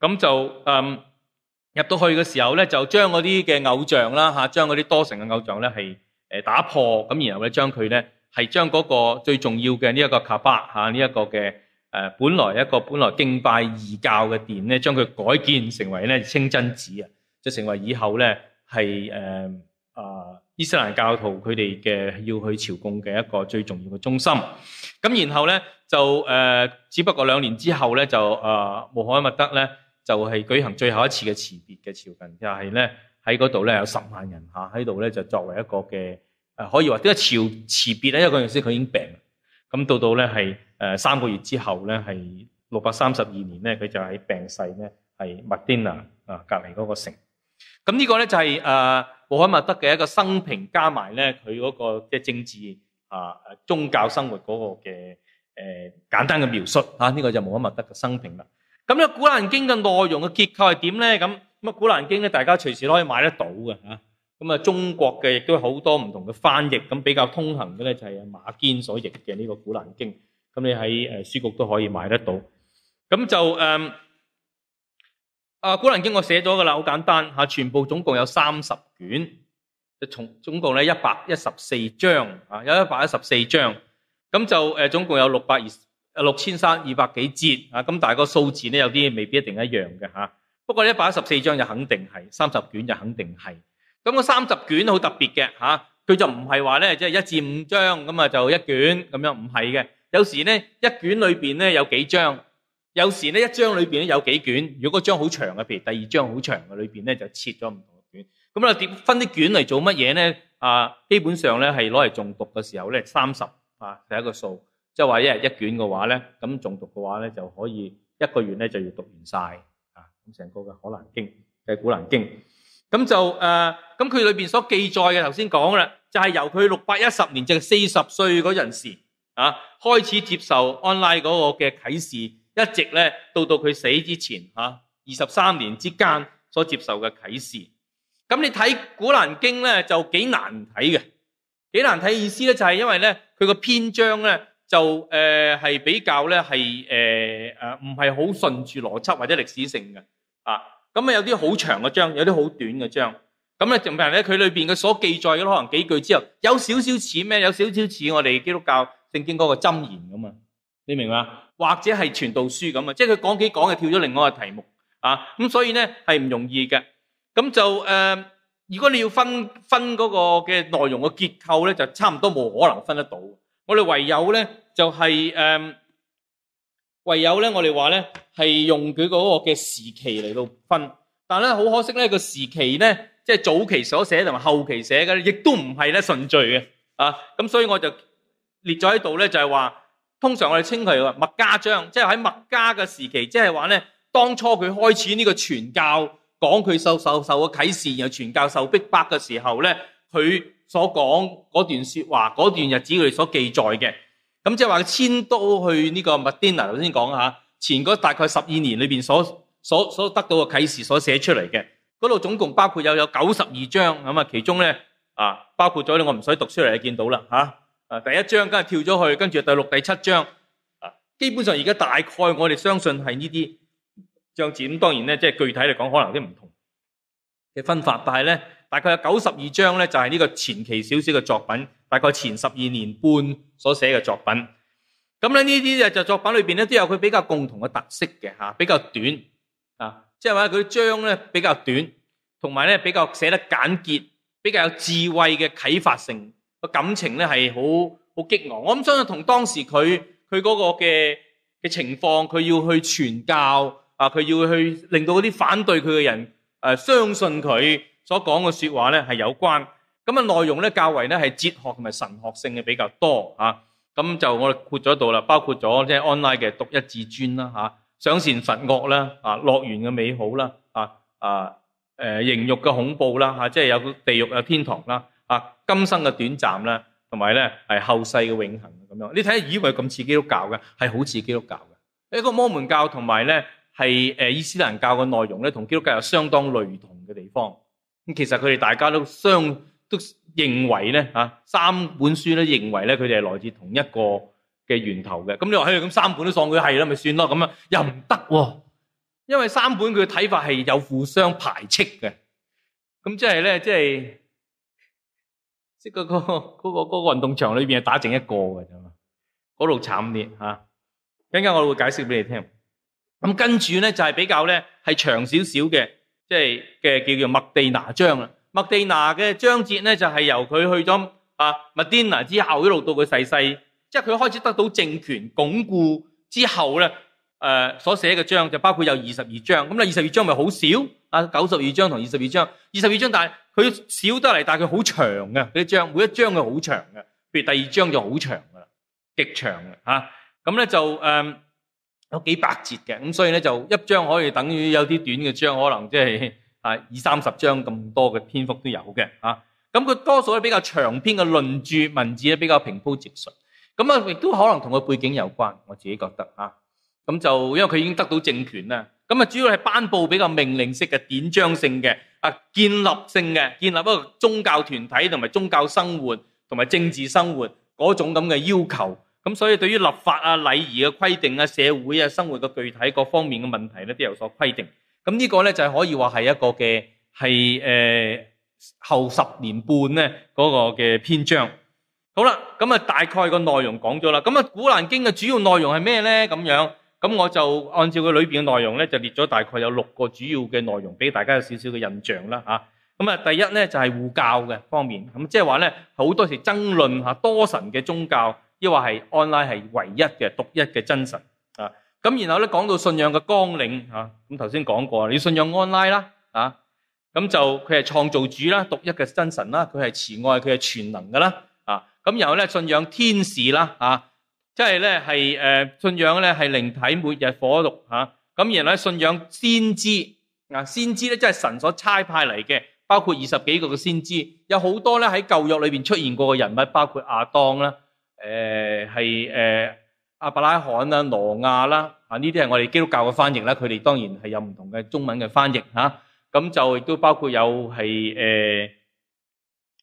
咁就嗯。入到去嘅時候咧，就將嗰啲嘅偶像啦，吓，將嗰啲多神嘅偶像咧，係誒打破，咁然後咧，將佢咧係將嗰個最重要嘅呢一個卡巴吓，呢、這、一個嘅誒、呃、本來一個本來敬拜異教嘅殿咧，將佢改建成為咧清真寺啊，就成為以後咧係誒伊斯蘭教徒佢哋嘅要去朝貢嘅一個最重要嘅中心。咁然後咧就誒、呃，只不過兩年之後咧就啊、呃，穆罕默德咧。就係、是、舉行最後一次嘅辭別嘅朝覲，就係咧喺嗰度咧有十萬人吓喺度咧就作為一個嘅誒、啊，可以話即係朝辭別咧，因為嗰陣時佢已經病。咁到到咧係誒三個月之後咧係六百三十二年咧，佢就喺病逝咧係麥丁納啊隔籬嗰個城。咁呢個咧就係誒穆罕默德嘅一個生平加埋咧佢嗰個嘅政治啊誒宗教生活嗰個嘅誒、啊、簡單嘅描述吓，呢、啊這個就穆罕默德嘅生平啦。咁《古蘭經》嘅內容嘅結構係點咧？咁咁《古蘭經》咧，大家隨時都可以買得到嘅嚇。咁啊，中國嘅亦都好多唔同嘅翻譯，咁比較通行嘅咧就係啊馬堅所譯嘅呢個《古蘭經》。咁你喺誒書局都可以買得到。咁就誒啊，嗯《古蘭經》我寫咗嘅啦，好簡單嚇。全部總共有三十卷，從總共咧一百一十四章啊，有一百一十四章。咁就誒總共有六百二十，六千三二百幾節，咁但係個數字呢有啲未必一定一樣嘅，不過一百一十四章就肯定係，三十卷就肯定係。咁個三十卷好特別嘅吓，佢就唔係話呢即係一至五章咁就一卷咁樣，唔係嘅。有時呢一卷裏面呢有幾章，有時呢一章裏面咧有幾卷。如果嗰章好長嘅，譬如第二章好長嘅裏面呢就切咗唔同嘅卷。咁啊，點分啲卷嚟做乜嘢呢？啊，基本上呢係攞嚟誦讀嘅時候呢，三十啊第一個數。即、就、話、是、一日一卷嘅話呢，咁誦讀嘅話呢，就可以一個月呢就要讀完晒！啊！咁成個嘅《可蘭經》，《古蘭經》咁就誒，咁、呃、佢裏邊所記載嘅頭先講啦，就係、是、由佢六百一十年即係四十歲嗰陣時啊，開始接受安拉嗰個嘅啟示，一直咧到到佢死之前吓，二十三年之間所接受嘅啟示。咁你睇《古蘭經》呢咧就幾難睇嘅，幾難睇意思咧就係因為咧佢個篇章咧。就誒係、呃、比較咧係誒誒唔係好順住邏輯或者歷史性嘅啊，咁啊有啲好長嘅章，有啲好短嘅章咁咧，仲譬如，咧佢裏邊嘅所記載嘅可能幾句之後，有少少似咩？有少少似我哋基督教聖經嗰個箴言咁啊？你明嘛？或者係傳道書咁啊？即係佢講幾講就跳咗另外一個題目啊咁，所以咧係唔容易嘅。咁就誒、呃，如果你要分分嗰個嘅內容嘅結構咧，就差唔多冇可能分得到。我哋唯有咧。就係、是、誒、呃，唯有咧，我哋話咧係用佢嗰個嘅時期嚟到分，但咧好可惜咧、這個時期咧，即係早期所寫同埋後期寫嘅咧，亦都唔係咧順序嘅啊。咁所以我就列咗喺度咧，就係、是、話通常我哋稱佢為麥加章，即係喺麥加嘅時期，即係話咧當初佢開始呢個傳教，講佢受受受嘅啟示，然後傳教受逼迫嘅時候咧，佢所講嗰段説話，嗰段日子佢哋所記載嘅。咁即係話遷都去呢個麥甸娜頭先講吓，前嗰大概十二年裏面所所所得到嘅啟示所寫出嚟嘅，嗰度總共包括有有九十二章咁啊。其中呢，啊包括咗我唔使讀出嚟就見到啦，啊第一章跟住跳咗去，跟住第六第七章啊，基本上而家大概我哋相信係呢啲章節。咁當然呢，即係具體嚟講可能啲唔同嘅分法，但係呢，大概有九十二章呢，就係呢個前期少少嘅作品，大概前十二年半所寫嘅作品，咁咧呢啲作品裏面都有佢比較共同嘅特色嘅，比較短啊，即係話佢章比較短，同埋比較寫得簡潔，比較有智慧嘅啟發性，感情咧係好好激昂。我諗相信同當時佢佢嗰個嘅情況，佢要去傳教啊，佢要去令到嗰啲反對佢嘅人誒相信佢所講嘅說的話呢係有關。咁啊，內容呢較為呢係哲學同埋神學性嘅比較多咁、啊、就我哋闊咗到啦，包括咗安拉 online 嘅獨一至尊啦、啊、賞善罰惡啦，啊樂園嘅美好啦，啊啊形慾嘅恐怖啦、啊、即係有地獄嘅天堂啦，啊今生嘅短暫啦，同埋咧係後世嘅永恆。咁樣你睇下，以為咁似基督教嘅，係好似基督教嘅一個摩門教同埋咧係伊斯蘭教嘅內容咧，同基督教有相當類同嘅地方。咁其實佢哋大家都相。都認為咧，嚇三本書咧，認為咧佢哋係來自同一個嘅源頭嘅，咁你話嘿，咁三本都當佢係啦，咪算咯。咁樣又唔得喎，因為三本佢嘅睇法係有互相排斥嘅，咁即係咧，即係即嗰個嗰個嗰個運動場裏邊係打剩一個嘅啫嘛，嗰度慘啲嚇，陣間我會解釋俾你聽，咁跟住咧就係比較咧係長少少嘅，即係嘅叫做麥地拿章啦。麥地那嘅章節呢、啊，就係由佢去咗啊麥地那之後一路到佢逝世，即係佢開始得到政權鞏固之後呢。呃所寫嘅章就包括有二十二章，咁咧二十二章咪好少啊，九十二章同二十二章，二十二章但係佢少得嚟，但係佢好長㗎。呢章每一章就好長㗎，譬如第二章就好長噶喇，極長㗎啊，咁呢就誒、呃、有幾百節嘅，咁所以呢，就一章可以等於有啲短嘅章，可能即、就、係、是。啊，二三十章咁多嘅篇幅都有嘅，啊，咁佢多數比較長篇嘅論著文字比較平鋪直敘，咁啊亦都可能同個背景有關，我自己覺得啊，咁就因為佢已經得到政權啦，咁主要係頒布比較命令式嘅典章性嘅啊建立性嘅建立一個宗教團體同埋宗教生活同埋政治生活嗰種咁嘅要求，咁所以對於立法啊禮儀嘅規定啊社會啊生活嘅具體各方面嘅問題呢，都有所規定。咁呢個呢，就可以話係一個嘅係呃後十年半呢嗰個嘅篇章好了。好啦，咁啊大概個內容講咗啦。咁《古蘭經》嘅主要內容係咩呢？咁樣咁我就按照佢裏面嘅內容呢，就列咗大概有六個主要嘅內容俾大家有少少嘅印象啦吓。咁、啊、第一呢，就係、是、護教嘅方面，咁即係話呢，好多時爭論下多神嘅宗教，亦或係安拉係唯一嘅獨一嘅真神。咁然後呢，講到信仰嘅綱領啊，咁頭先講過，要信仰安拉啦啊，咁就佢係創造主啦，獨一嘅真神啦，佢係慈愛，佢係全能噶啦啊，咁然後呢，信仰天使啦啊，即係呢係誒信仰呢係靈體，末日火爐，咁然後呢，信仰先知啊，先知呢即係神所差派嚟嘅，包括二十幾個嘅先知，有好多呢喺舊約裏面出現過嘅人物，包括亞當啦，誒係誒。是呃阿伯拉罕啦、挪亞啦啊，呢啲係我哋基督教嘅翻譯啦，佢哋當然係有唔同嘅中文嘅翻譯嚇。咁、啊、就亦都包括有係誒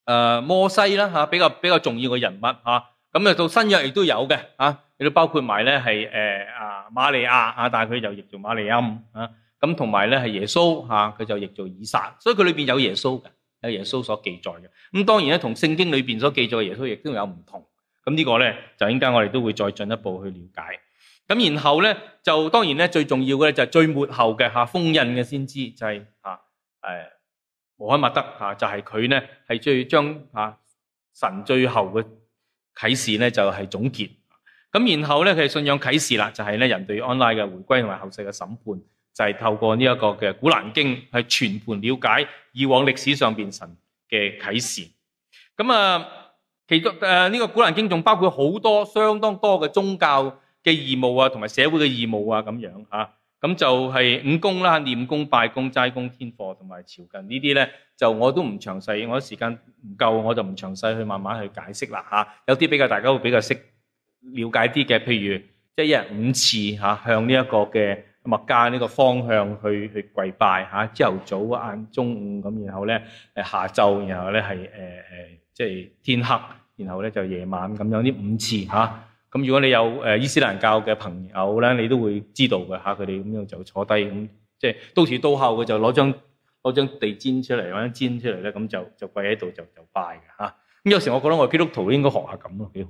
誒摩西啦嚇、啊，比較比較重要嘅人物嚇。咁啊到新約亦都有嘅嚇，亦、啊、都包括埋咧係誒啊瑪利亞啊，但係佢就譯做瑪利亞啊。咁同埋咧係耶穌嚇，佢、啊、就譯做以撒，所以佢裏邊有耶穌嘅，有耶穌所記載嘅。咁當然咧，同聖經裏邊所記載嘅耶穌亦都有唔同。咁呢個咧就應該我哋都會再進一步去了解。咁然後咧就當然咧最重要嘅就係最末後嘅哈、啊、封印嘅先知就係哈誒穆罕默德啊，就係佢咧係最將啊神最後嘅啟示咧就係、是、總結。咁然後咧佢信仰啟示啦，就係、是、咧人對安拉嘅回歸同埋後世嘅審判，就係、是、透過呢一個嘅古蘭經去全盤了解以往歷史上邊神嘅啟示。咁啊～其中誒呢個《古蘭經》仲包括好多相當多嘅宗教嘅義務啊，同埋社會嘅義務啊，咁樣啊咁就係五功啦，念功、拜功、齋功、天課同埋朝覲呢啲咧，就我都唔詳細，我啲時間唔夠，我就唔詳細去慢慢去解釋啦、啊、有啲比較大家會比較識了解啲嘅，譬如即係一日五次、啊、向呢一個嘅麥加呢個方向去去跪拜嚇，朝、啊、頭早、晏、中午咁，然後咧下晝，然後咧、呃呃呃、即係天黑。然後咧就夜晚咁樣呢五次嚇，咁、啊、如果你有誒、呃、伊斯蘭教嘅朋友咧，你都會知道嘅嚇，佢哋咁樣就坐低咁，即係到時到候嘅就攞張攞張地氈出嚟，或者氈出嚟咧，咁就就跪喺度就就拜嘅嚇。咁、啊、有時我覺得我基督徒應該學下咁咯幾好，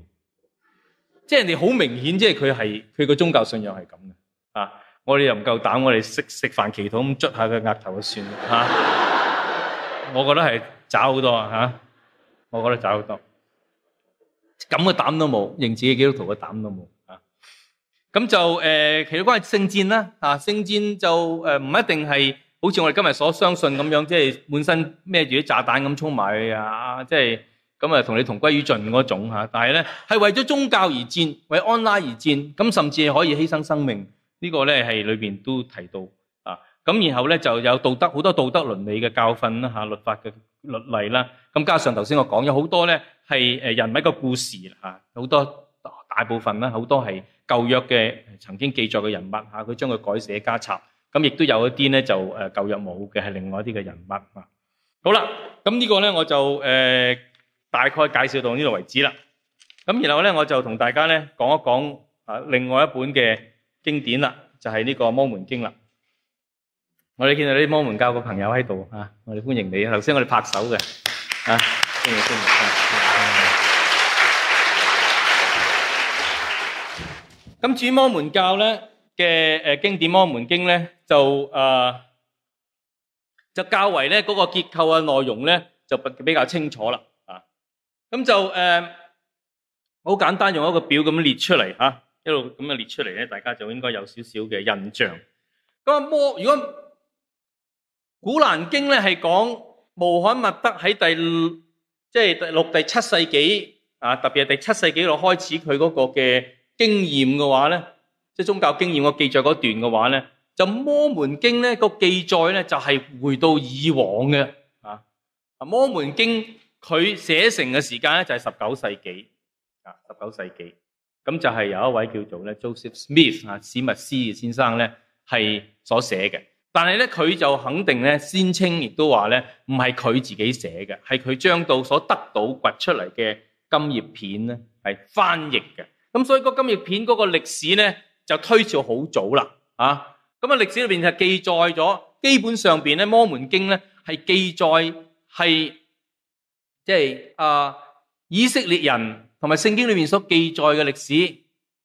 即係人哋好明顯，即係佢係佢個宗教信仰係咁嘅啊！我哋又唔夠膽，我哋食食飯祈禱咁捽下佢額頭就算啦、啊、 我覺得係找好多啊嚇，我覺得渣好多。啊咁嘅膽都冇，認自己嘅基督徒嘅膽都冇啊！咁就誒、呃，其實關係聖戰啦啊，聖戰就誒呃、唔一定係，好似我哋今日所相信咁樣，即係滿身孭住啲炸彈咁衝埋去啊！即係咁啊，同你同歸於盡嗰種、啊、但係呢，係為咗宗教而戰，為安拉而戰，咁、啊、甚至係可以犧牲生命。呢、這個呢，係裏面都提到。咁然後咧，就有道德好多道德倫理嘅教訓啦嚇，律法嘅律例啦。咁加上頭先我講有好多咧，係誒人物嘅故事嚇，好多大部分啦，好多係舊約嘅曾經記載嘅人物嚇，佢將佢改寫加插。咁亦都有一啲咧，就誒舊約冇嘅係另外一啲嘅人物啊。好啦，咁呢個咧我就誒大概介紹到呢度為止啦。咁然後咧，我就同大家咧講一講啊，另外一本嘅經典啦，就係呢個摩門經啦。我哋見到啲摩門教嘅朋友喺度嚇，我哋歡迎你。頭先我哋拍手嘅嚇。歡迎、歡迎、歡迎、歡迎。咁至於摩門教咧嘅誒經典摩門經咧，就誒、呃、就較為咧嗰個結構嘅內容咧，就比比較清楚啦嚇。咁就誒好、呃、簡單，用一個表咁列出嚟嚇，一路咁樣列出嚟咧，大家就應該有少少嘅印象。咁啊摩，如果古蘭經咧係講穆罕默德喺第即係六,、就是、第,六第七世紀啊，特別係第七世紀度開始佢嗰個嘅經驗嘅話咧，即係宗教經驗嘅記載嗰段嘅話咧，就摩門經咧個記載咧就係回到以往嘅啊啊摩門經佢寫成嘅時間咧就係十九世紀啊十九世紀咁就係、是、有一位叫做咧 Joseph Smith 啊史密斯先生咧係所寫嘅。但是呢，佢就肯定呢先稱亦都話呢唔係佢自己寫嘅，係佢將到所得到掘出嚟嘅金葉片呢係翻譯嘅。咁所以個金葉片嗰個歷史呢就推至好早啦。啊，咁啊，歷史裏面就記載咗，基本上邊呢，《摩門經》呢係記載係即係啊以色列人同埋聖經裏面所記載嘅歷史，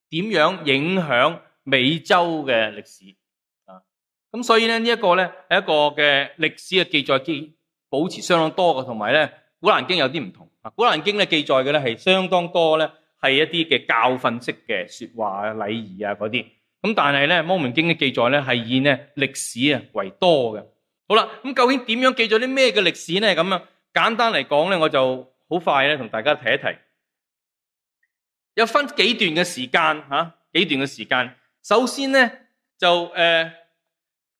點樣影響美洲嘅歷史。咁所以呢，這個、呢是一個呢係一個嘅歷史嘅記載基保持相當多嘅同埋呢，《古蘭經》有啲唔同。《古蘭經》呢記載嘅是係相當多呢係一啲嘅教訓式嘅說話禮禮儀啊嗰啲。咁但係呢，摩門經的記載是呢》嘅記載呢係以歷歷史啊為多嘅好啦，咁究竟點樣記載啲咩嘅歷史呢？咁啊，簡單嚟講呢，我就好快呢同大家提一提，有分幾段嘅時間嚇，幾段嘅時間。首先呢就呃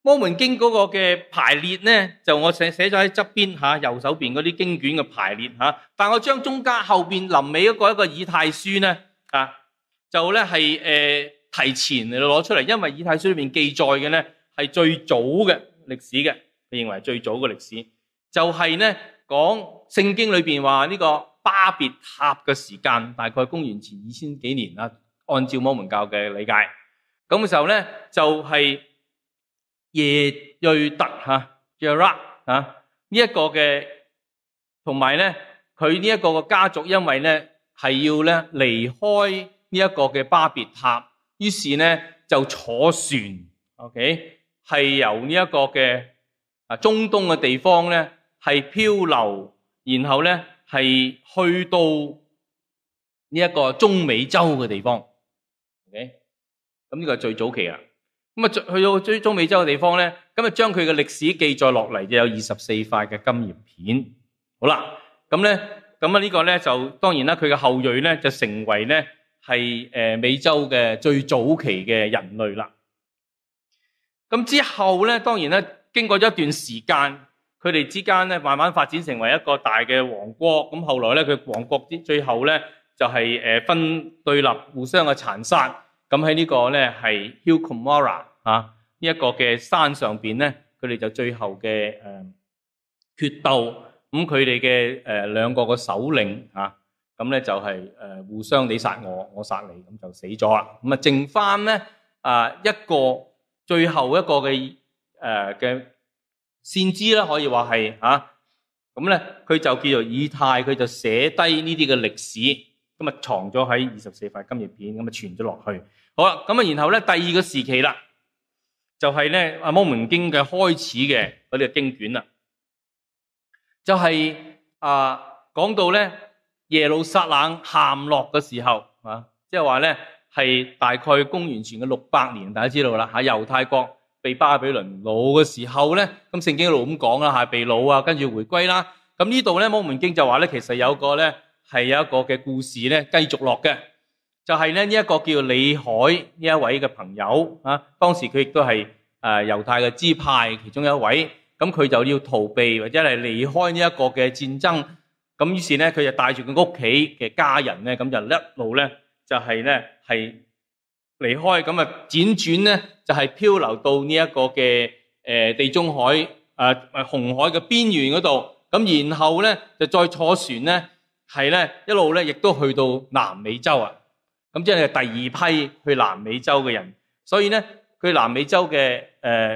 摩門經嗰個嘅排列呢，就我寫寫咗喺側邊吓，右手邊嗰啲經卷嘅排列吓。但我將中間後邊臨尾嗰個一個以太書呢，啊，就咧、係、提前攞出嚟，因為以太書裏面記載嘅呢係最早嘅歷史嘅，認為最早嘅歷史就係呢講聖經裏面話呢個巴別塔嘅時間，大概公元前二千幾年啦。按照摩門教嘅理解，咁嘅時候呢就係、係。耶瑞特嚇，Jerat 嚇，呢一個嘅同埋呢，佢呢一個嘅家族，因為呢係要咧離開呢一個嘅巴別塔，於是呢就坐船，OK，係由呢一個嘅中東嘅地方呢係漂流，然後呢係去到呢一個中美洲嘅地方，OK，咁呢個係最早期啊。咁啊，去到中美洲嘅地方咧，咁啊將佢嘅歷史記載落嚟，就有二十四塊嘅金葉片。好啦，咁咧，咁呢個咧就當然啦，佢嘅後裔咧就成為咧係誒美洲嘅最早期嘅人類啦。咁之後咧，當然咧經過咗一段時間，佢哋之間咧慢慢發展成為一個大嘅王國。咁後來咧，佢王國之最後咧就係誒分對立，互相嘅殘殺。咁喺呢個呢係 Hill Cumorah 啊，呢、這、一個嘅山上邊呢，佢哋就最後嘅誒、呃、決鬥，他們佢哋嘅兩個個首領啊，就係、是呃、互相你殺我，我殺你，就死咗啦。咁剩翻、啊、一個最後一個嘅誒嘅先知啦，可以話係嚇，咁、啊、佢就叫做以太，佢就寫低呢啲嘅歷史，藏咗喺二十四塊金葉片，咁啊傳咗落去。好啦，咁然後咧，第二個時期啦，就係咧《阿摩門經》嘅開始嘅嗰啲經卷啦，就係啊講到咧耶路撒冷陷落嘅時候啊，即係話咧係大概公元前嘅六百年，大家知道啦，喺猶太國被巴比倫擄嘅時候咧，咁聖經一路咁講啦，吓被擄啊，跟住回歸啦，咁呢度咧《摩門經》就話咧，其實有個咧係有一個嘅故事咧繼續落嘅。就係呢一個叫李海呢一位嘅朋友啊，當時佢亦都係猶太嘅支派其中一位，咁佢就要逃避或者係離開呢一個嘅戰爭，咁於是呢，佢就帶住佢屋企嘅家人呢，咁就一路呢，就係呢，係離開，咁輾轉呢，就是漂流到呢一個嘅地中海啊紅海嘅邊緣嗰度，咁然後呢，就再坐船呢，係呢一路呢，亦都去到南美洲啊。咁即係第二批去南美洲嘅人，所以呢，去南美洲嘅、呃、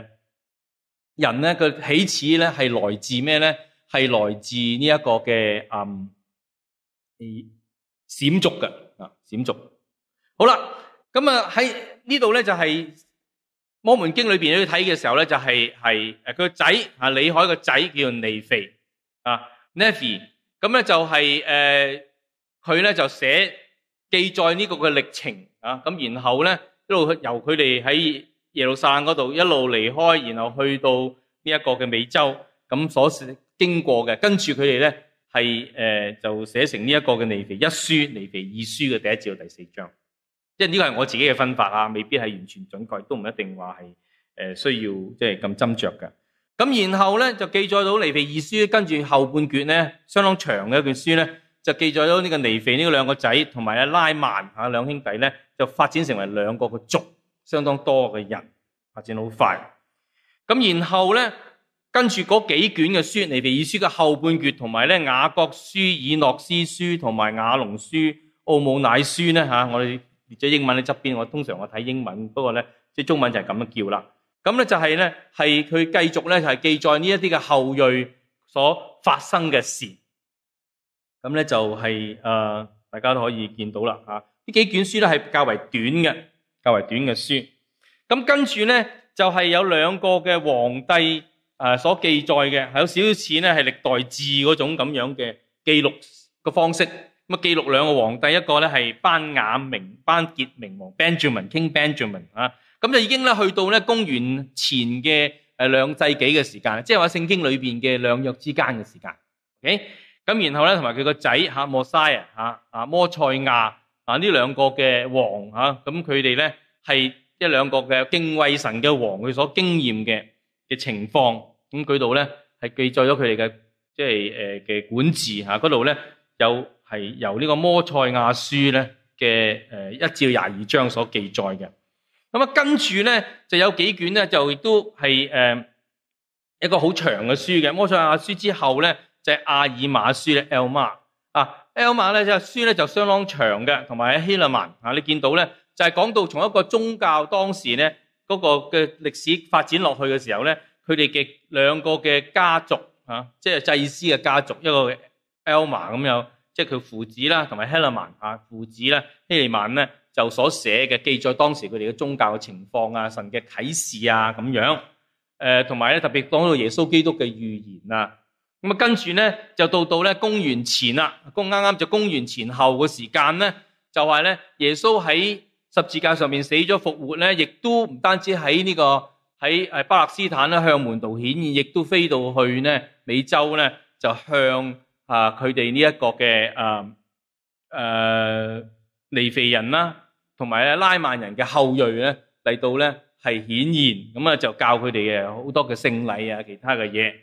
人呢，佢起始呢係來自咩呢？係來自呢一個嘅誒閃族嘅啊，閃族。好啦，咁啊喺呢度呢，就係、是《摩門經》裏邊去睇嘅時候呢，就係係誒佢仔李海嘅仔叫尼菲。啊 Nephi，咁呢就係誒佢呢，就寫。記載呢個嘅歷程啊，咁然後呢，一路由佢哋喺耶路撒冷嗰度一路離開，然後去到呢一個嘅美洲，咁所經過嘅，跟住佢哋呢，係、呃、就寫成呢一個嘅《尼腓一書》、《尼腓二書》嘅第一至第四章，即係呢個係我自己嘅分法啦，未必係完全準確，都唔一定話係需要即係咁斟酌嘅。咁然後呢，就記載到《尼腓二書》，跟住後半卷呢，相當長嘅一段書呢。就記載咗呢個尼腓、呢兩個仔，同埋拉曼嚇兩兄弟咧，就發展成為兩個嘅族，相當多嘅人發展好快。咁然後咧，跟住嗰幾卷嘅書，尼腓二書嘅後半卷，同埋咧雅各書、以諾斯書、同埋雅龍書、奧姆乃書咧嚇，我哋列咗英文喺側邊。我通常我睇英文，不過咧即係中文就係咁樣叫啦。咁咧就係咧係佢繼續咧就係記載呢一啲嘅後裔所發生嘅事。咁呢就係、是呃、大家都可以見到啦嚇。呢幾卷書都係較為短嘅，較為短嘅書。咁跟住呢，就係、是、有兩個嘅皇帝所記載嘅，有少少似呢係歷代志嗰種咁樣嘅記錄嘅方式。咁啊記錄兩個皇帝，一個呢係班雅明、班傑明王 Benjamin King Benjamin 啊。咁就已經去到呢公元前嘅兩兩世紀嘅時間，即係話聖經裏面嘅兩約之間嘅時間。OK。咁然後呢，同埋佢個仔嚇摩賽啊，啊摩賽亞啊，這兩的啊呢兩個嘅王嚇，咁佢哋呢係一兩個嘅敬畏神嘅王，佢所經驗嘅情況，咁佢度呢係記載咗佢哋嘅管治嗰度，啊，有係由呢個摩賽亞書呢嘅一至廿二章所記載嘅。咁跟住呢，就有幾卷呢，就亦都係一個好長嘅書嘅摩賽亞書之後呢。就係、是、阿爾馬書，Elma 啊，Elma 咧，即係書咧就相當長嘅，同埋係希勒曼啊，你見到咧就係、是、講到從一個宗教當時呢，嗰個嘅歷史發展落去嘅時候呢，佢哋嘅兩個嘅家族啊，即、就、係、是、祭司嘅家族，一個 Elma 咁有，即係佢父子啦，同埋希勒曼啊，父子啦，希勒曼咧就所寫嘅記載當時佢哋嘅宗教嘅情況啊，神嘅啟示啊咁樣，誒，同埋咧特別講到耶穌基督嘅預言啊。咁跟住咧就到到咧公元前啦，公啱啱就公元前後嘅時間咧，就係咧耶穌喺十字架上面死咗復活咧，亦都唔單止喺呢個喺誒巴勒斯坦啦，向門徒顯現，亦都飛到去咧美洲咧，就向啊佢哋呢一個嘅誒誒尼腓人啦，同埋咧拉曼人嘅後裔咧嚟到咧係顯現，咁啊就教佢哋嘅好多嘅聖禮啊，其他嘅嘢。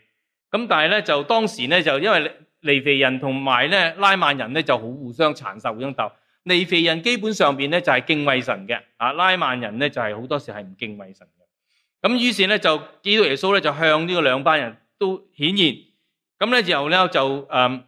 咁但係咧就當時咧就因為尼肥人同埋咧拉曼人咧就好互相殘殺互相鬥，尼肥人基本上邊咧就係、是、敬畏神嘅，啊拉曼人咧就係、是、好多時係唔敬畏神嘅。咁、啊、於是咧就基督耶穌咧就向呢個兩班人都顯現，咁咧然後咧就誒、嗯，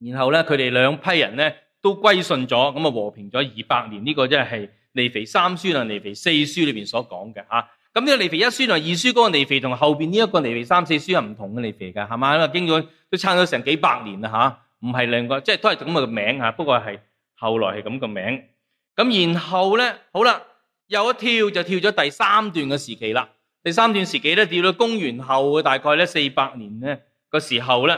然後咧佢哋兩批人咧都歸順咗，咁啊和平咗二百年，呢、這個真係係尼肥三書同尼肥四書裏邊所講嘅嚇。啊咁呢個尼腓一書同二書嗰個尼腓，同後面呢一個尼腓三四書係唔同嘅尼腓㗎，係咪？因為經過都撐咗成幾百年啦吓，唔係兩個，即係都係咁嘅名。不過係後來係咁嘅名。咁然後呢，好啦，又一跳就跳咗第三段嘅時期啦。第三段時期呢，跳到公元後嘅大概呢四百年呢嘅時候呢。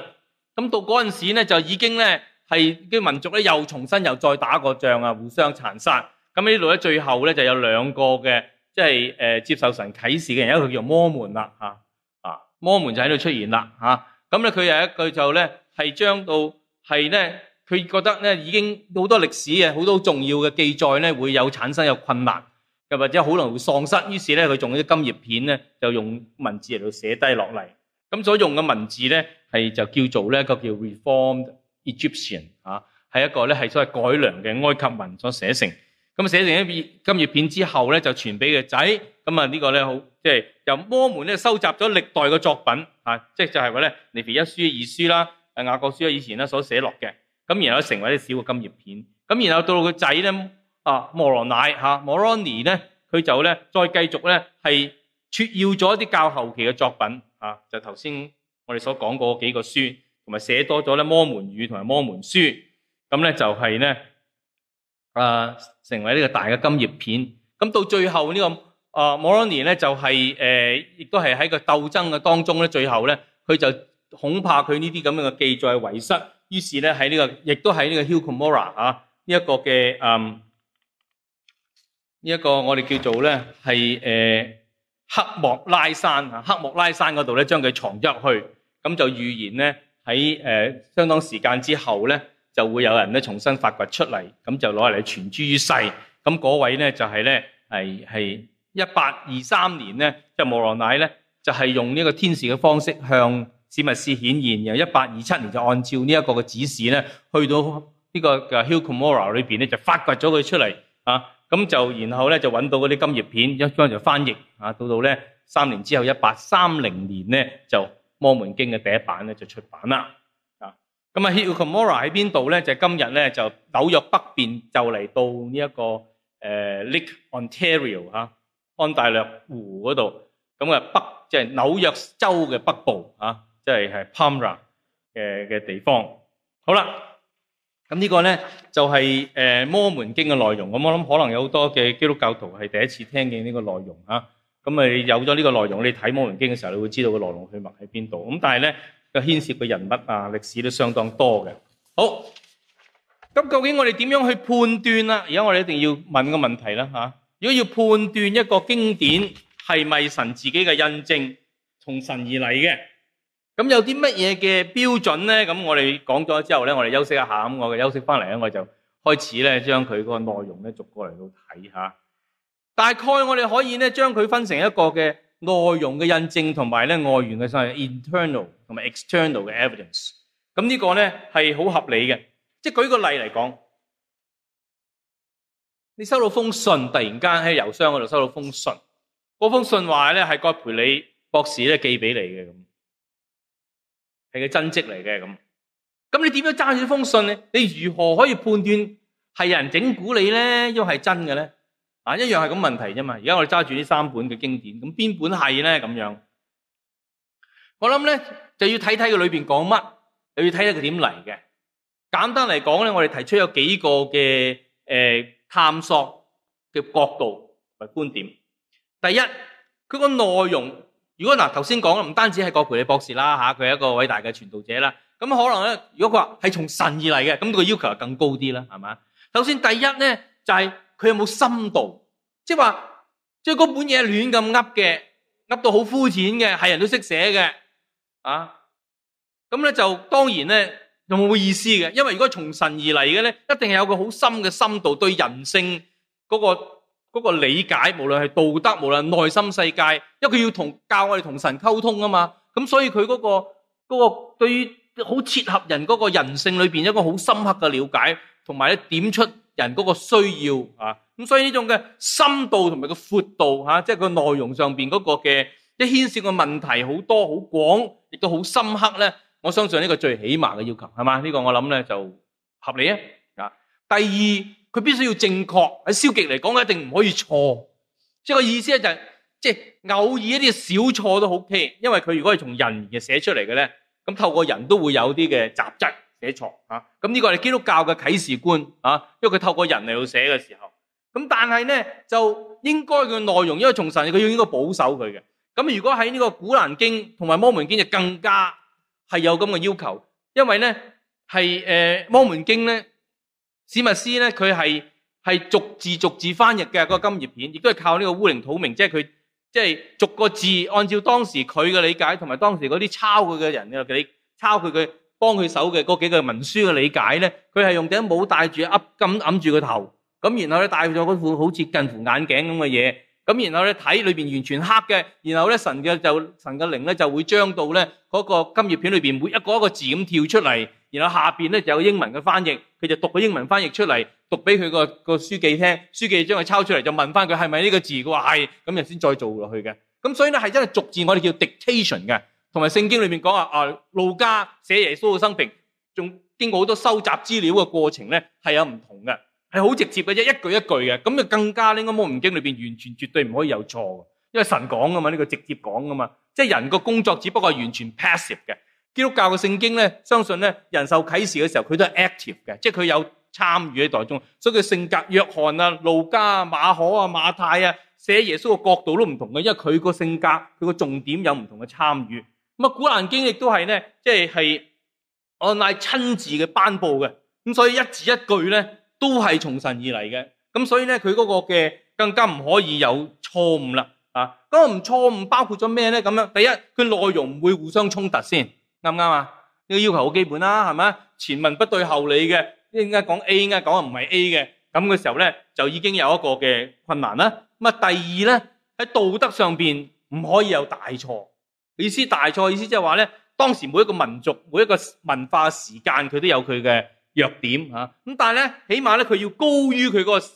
咁到嗰陣時呢，就已經呢係啲民族呢又重新又再打過仗啊，互相殘殺。咁呢度呢，最後呢就有兩個嘅。即係接受神啟示嘅人，有一個叫摩門啦嚇，摩、啊、門就喺度出現啦，咁佢有一句就是係將到係咧佢覺得呢已經好多歷史嘅好多好重要嘅記載會會有產生有困難，又或者可能會喪失，於是呢他佢用咗啲金葉片呢就用文字嚟到寫低落嚟，咁所用嘅文字係就叫做個叫做 Reformed Egyptian、啊、是係一個咧係所謂改良嘅埃及文所寫成。咁寫成一片金葉片之後呢，就傳俾個仔。咁啊，呢個呢，好，即係由摩門咧收集咗歷代嘅作品，啊，即係就係話呢尼腓一書、二書啦，雅各書以前呢所寫落嘅。咁然後成為啲小嘅金葉片。咁然後到佢仔呢，啊，摩羅乃嚇，啊，摩羅尼呢，佢就呢再繼續呢係撮要咗啲較後期嘅作品，啊，就頭先我哋所講過幾個書，同埋寫多咗呢摩門語同埋摩門書。咁咧就係呢。啊、呃，成為呢個大嘅金葉片。咁到最後，這個呃、呢個啊，摩羅尼咧就係、是、誒、呃，亦都係喺個鬥爭嘅當中咧，最後咧，佢就恐怕佢呢啲咁樣嘅記載遺失，於是咧喺呢、這個，亦都喺呢個 Hilcumora 啊呢一、這個嘅嗯，呢、這、一個我哋叫做咧係黑幕拉山啊，黑幕拉山嗰度咧將佢藏咗入去，咁就預言咧喺、呃、相當時間之後咧。就會有人呢重新發掘出嚟，咁就攞嚟傳諸於世。咁嗰位呢，就係、是、呢，係係一八二三年呢，即、就、係、是、摩羅乃呢，就係、是、用呢個天使嘅方式向史密斯顯現。然後一八二七年就按照呢一個嘅指示呢，去到呢個 Hill Cumorah 裏邊呢，就發掘咗佢出嚟啊。就然後呢，就揾到嗰啲金葉片，一幫就翻譯啊，到到呢三年之後一八三零年呢，就《摩門經》嘅第一版呢，就出版啦。咁啊，Hill Cumorah 喺邊度咧？就是、今日咧就紐約北邊就嚟到呢、這、一個誒、呃、Lake Ontario 嚇、啊，安大略湖嗰度。咁啊北即係、就是、紐約州嘅北部嚇，即係係 Palmyra 嘅嘅地方。好啦，咁呢個咧就係、是、誒、呃、摩門經嘅內容。咁我諗可能有好多嘅基督教徒係第一次聽嘅呢個內容嚇。咁啊你有咗呢個內容，你睇摩門經嘅時候，你會知道個來龍去脈喺邊度。咁但係咧。牽涉嘅人物啊，歷史都相當多嘅。好，咁究竟我哋點樣去判斷啦？而家我哋一定要問個問題啦嚇、啊。如果要判斷一個經典係咪神自己嘅印證，從神而嚟嘅，咁有啲乜嘢嘅標準咧？咁我哋講咗之後咧，我哋休息一下咁，我哋休息翻嚟咧，我就開始咧將佢嗰個內容咧逐個嚟到睇吓。大概我哋可以咧將佢分成一個嘅。內容嘅印證同埋外源嘅，即係 internal 同埋 external 嘅 evidence。咁呢個係好合理嘅。即舉個例嚟講，你收到一封信，突然間喺郵箱嗰度收到一封信，嗰封信話咧係郭培博士寄俾你嘅，係個真跡嚟嘅。你點樣揸住呢封信咧？你如何可以判斷係有人整蠱你呢？抑係真嘅呢？啊、一樣係咁問題啫嘛。而家我哋揸住呢三本嘅經典，咁邊本係呢？咁樣，我諗呢，就要睇睇佢裏面講乜，又要睇睇佢點嚟嘅簡單嚟講呢，我哋提出有幾個嘅呃探索嘅角度同埋觀點。第一，佢個內容，如果嗱頭先講啦，唔單止係葛培理博士啦吓，佢係一個偉大嘅傳道者啦。咁可能呢，如果話係從神而嚟嘅，咁個要求就更高啲啦，是吧？首先第一呢，就係佢有冇深度？即係話，即係嗰本嘢亂咁噏嘅，噏到好膚淺嘅，係人都識寫嘅，啊，咁咧就當然咧，就冇意思嘅！因為如果從神而嚟嘅咧，一定係有個好深嘅深度，對人性嗰個嗰個理解，無論係道德，無論內心世界，因為佢要同教我哋同神溝通啊嘛，咁所以佢嗰個嗰個對於好切合人嗰個人性裏邊一個好深刻嘅了解，同埋咧點出。人嗰個需要啊，咁所以呢種嘅深度同埋個闊度嚇，即係佢內容上面嗰個嘅一牽涉嘅問題好多好廣，亦都好深刻咧。我相信呢個最起碼嘅要求係嘛？呢、這個我諗咧就合理啊。啊，第二佢必須要正確，喺消極嚟講，一定唔可以錯。即係個意思咧、就是，就係即係偶爾一啲小錯都好 OK，因為佢如果係從人嘅寫出嚟嘅咧，咁透過人都會有啲嘅雜質。寫錯啊！咁、這、呢個係基督教嘅啟示觀，啊，因為佢透過人嚟到寫嘅時候，咁但係呢就應該佢內容，因為從神佢要應該保守佢嘅。咁、啊、如果喺呢個古蘭經同埋摩門經就更加係有咁嘅要求，因為呢係誒、呃、摩門經呢史密斯呢佢係係逐字逐字翻譯嘅嗰、那個金葉片，亦都係靠呢個烏靈土明，即係佢即係逐個字按照當時佢嘅理解同埋當時嗰啲抄佢嘅人啊，佢抄佢佢。幫佢手嘅嗰幾個文書嘅理解呢，佢係用頂帽戴住，一揞揞住個頭，咁然後呢，戴咗副好似近乎眼鏡咁嘅嘢，咁然後呢，睇裏面完全黑嘅，然後呢，神嘅就神嘅靈呢就會將到呢嗰、嗰個金葉片裏面每一個一個字咁跳出嚟，然後下邊呢，就有英文嘅翻譯，佢就讀個英文翻譯出嚟，讀俾佢個個書記聽，書記將佢抄出嚟就問返佢係咪呢個字，佢話係，咁又先再做落去嘅，咁所以呢，係真係逐字我哋叫 dictation 嘅。同埋聖經裏面講啊啊，路加寫耶穌嘅生平，仲經過好多收集資料嘅過程呢，係有唔同嘅，係好直接嘅，一句一句嘅，咁就更加呢個摩門經裏面完全絕對唔可以有錯，因為神講㗎嘛，呢、這個直接講㗎嘛，即係人個工作只不過係完全 passive 嘅。基督教嘅聖經呢，相信呢，人受啟示嘅時候，佢都係 active 嘅，即係佢有參與喺其中，所以佢性格，約翰啊、路加啊、馬可啊、馬太啊寫耶穌嘅角度都唔同嘅，因為佢個性格佢個重點有唔同嘅參與。《古蘭經》亦都係呢，即係我乃親自嘅頒布嘅，咁所以一字一句呢，都係從神而嚟嘅，咁所以呢，佢嗰個嘅更加唔可以有錯誤啦，啊，咁啊錯誤包括咗咩呢？咁樣，第一，佢內容唔會互相衝突先，啱唔啱啊？呢、這個要求好基本啦，係咪啊？前文不對後理嘅，應該講 A，應該講唔係 A 嘅，咁嘅時候呢，就已經有一個嘅困難啦。咁第二呢，喺道德上面唔可以有大錯。意思大錯意思即係話咧，當時每一個民族、每一個文化時間，佢都有佢嘅弱點吓、啊。但係咧，起碼咧，佢要高於佢嗰個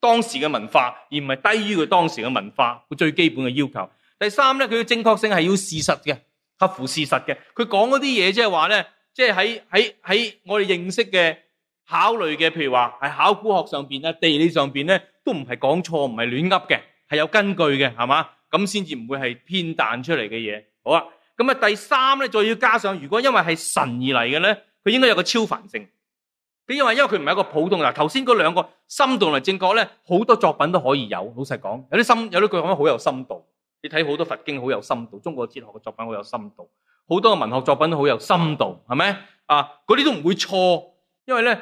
當時嘅文化，而唔係低於佢當時嘅文化。佢最基本嘅要求。第三呢，佢嘅正確性係要事實嘅，合乎事實嘅，佢講嗰啲嘢，即係話呢，即係、就是、喺喺喺我哋認識嘅考慮嘅，譬如話喺考古學上邊啊、地理上邊呢都唔係講錯，唔係亂噏嘅，係有根據嘅係嘛？噉先至唔會係偏誕出嚟嘅嘢好啦、啊，咁啊第三咧，再要加上，如果因為係神而嚟嘅咧，佢應該有個超凡性。因為因為佢唔係一個普通嗱，頭先嗰兩個深度同正確咧，好多作品都可以有。老實講，有啲深，有啲句講得好有深度。你睇好多佛經好有深度，中國哲學嘅作品好有深度，好多文學作品都好有深度，係咪啊？嗰啲都唔會錯，因為咧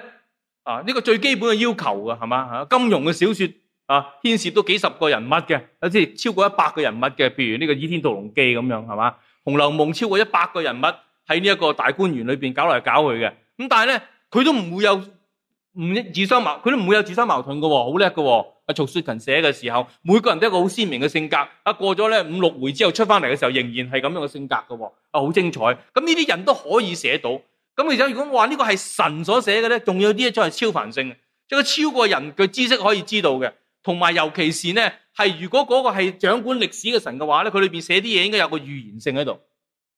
啊呢、這個最基本嘅要求噶，係嘛啊？金庸嘅小說。啊，牽涉到幾十個人物嘅，有啲超過一百個人物嘅，譬如呢個《倚天屠龍記》咁樣，係嘛？《紅樓夢》超過一百個人物喺呢一個大觀園裏邊搞嚟搞去嘅。咁但係咧，佢都唔會有唔自相矛，佢都唔會有自相矛盾噶，好叻噶。阿、啊、曹雪芹寫嘅時候，每個人都有個好鮮明嘅性格。啊，過咗咧五六回之後出翻嚟嘅時候，仍然係咁樣嘅性格噶，啊好精彩。咁呢啲人都可以寫到。咁而且如果我話呢個係神所寫嘅咧，仲有呢一種係超凡性，嘅，即係超過人嘅知識可以知道嘅。同埋，尤其是呢，係如果嗰個係掌管歷史嘅神嘅話咧，佢裏邊寫啲嘢應該有個預言性喺度，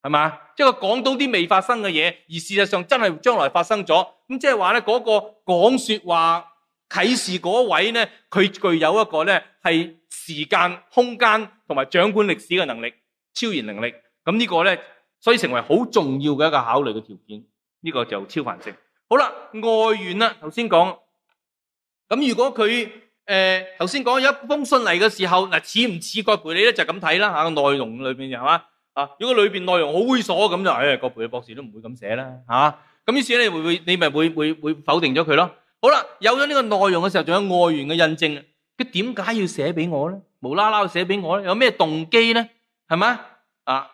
係嘛？即係講到啲未發生嘅嘢，而事實上真係將來發生咗。咁即係話咧，嗰個講說話啟示嗰位咧，佢具有一個咧係時間、空間同埋掌管歷史嘅能力、超然能力。咁呢個咧，所以成為好重要嘅一個考慮嘅條件。呢個就超凡性。好啦，外緣啦，頭先講咁，如果佢。誒，頭先講有一封信嚟嘅時候，似唔似葛培理咧？就咁睇啦，內容裏面係嘛？如果裏面內容好猥瑣就，葛、哎、培理博士都唔會咁寫啦，啊，於是咧，會你會你咪會，會否定咗佢咯。好啦，有咗呢個內容嘅時候，仲有外援嘅印證。佢點解要寫俾我呢？無啦啦寫俾我呢？有咩動機呢？係嘛啊？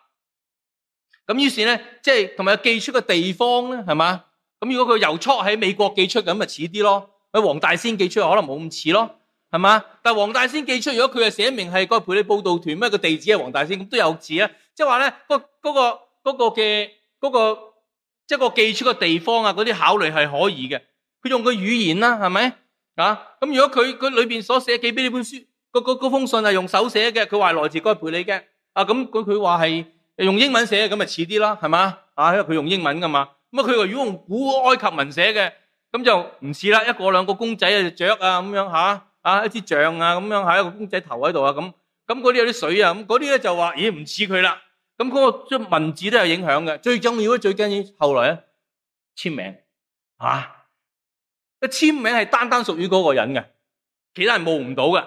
於是呢，即係同埋寄出嘅地方呢，係嘛？如果佢郵戳喺美國寄出，咁咪似啲咯。阿黃大仙寄出可能冇咁似咯。是嗎？但係黃大仙寄出，如果佢係寫明係該培理報道團咩個地址，是黃大仙都有字啊！即是說咧，嗰個那個嘅、嗰，那個那個那個那個，即係個寄出的地方啊，嗰啲考慮是可以嘅。佢用個語言啦，係咪啊？咁如果佢佢裏面所寫寄俾呢本書，那個嗰封信是用手寫嘅，佢話來自該培理嘅啊。咁佢佢話係用英文寫的，咁咪似啲啦，係嘛啊？因為佢用英文的嘛。咁麼他如果用古埃及文寫嘅，那就唔似啦，一個兩個公仔就啊，雀啊這樣吓。啊啊！一支像啊，咁樣下一個公仔頭喺度啊，咁咁嗰啲有啲水啊，咁嗰啲咧就話，咦唔似佢啦。咁嗰、嗰個文字都有影響嘅。最重要嘅，最緊要的後來咧，簽名啊，個簽名係單單屬於嗰個人嘅，其他人望唔到嘅。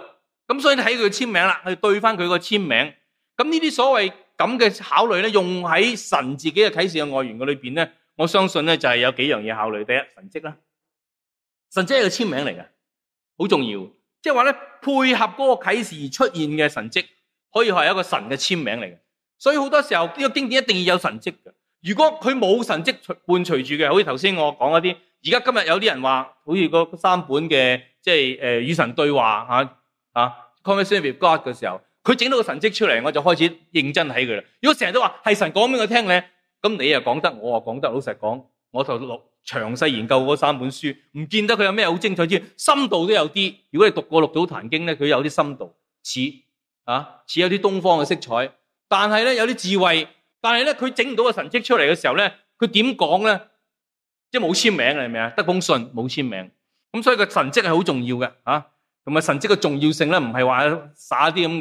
咁所以你睇佢簽名啦，去對返佢個簽名。咁呢啲所謂咁嘅考慮呢，用喺神自己嘅啟示嘅外緣嘅裏面呢，我相信呢就係、是、有幾樣嘢考慮。第一，神蹟啦，神迹係個簽名嚟嘅，好重要。即係話咧，配合嗰個啟示而出現嘅神蹟，可以係一個神嘅簽名嚟嘅。所以好多時候呢個經典一定要有神迹嘅。如果佢冇神蹟伴隨住嘅，好似頭先我講一啲，而家今日有啲人話，好似個三本嘅，即係誒與神對話吓吓 Conversation with God 嘅時候，佢整到個神蹟出嚟，我就開始認真睇佢啦。如果成日都話係神講俾我聽咧，咁你又講得我，我又講得，老實講，我就錄。詳細研究嗰三本書，唔見得佢有咩好精彩之深度都有啲。如果你讀過《六祖壇經》咧，佢有啲深度，似啊似有啲東方嘅色彩。但係咧有啲智慧，但係咧佢整唔到個神蹟出嚟嘅時候咧，佢點講呢？即冇簽名啊，係咪？得封信冇簽名。咁所以個神蹟係好重要嘅啊。同埋神蹟嘅重要性呢，唔係話耍啲咁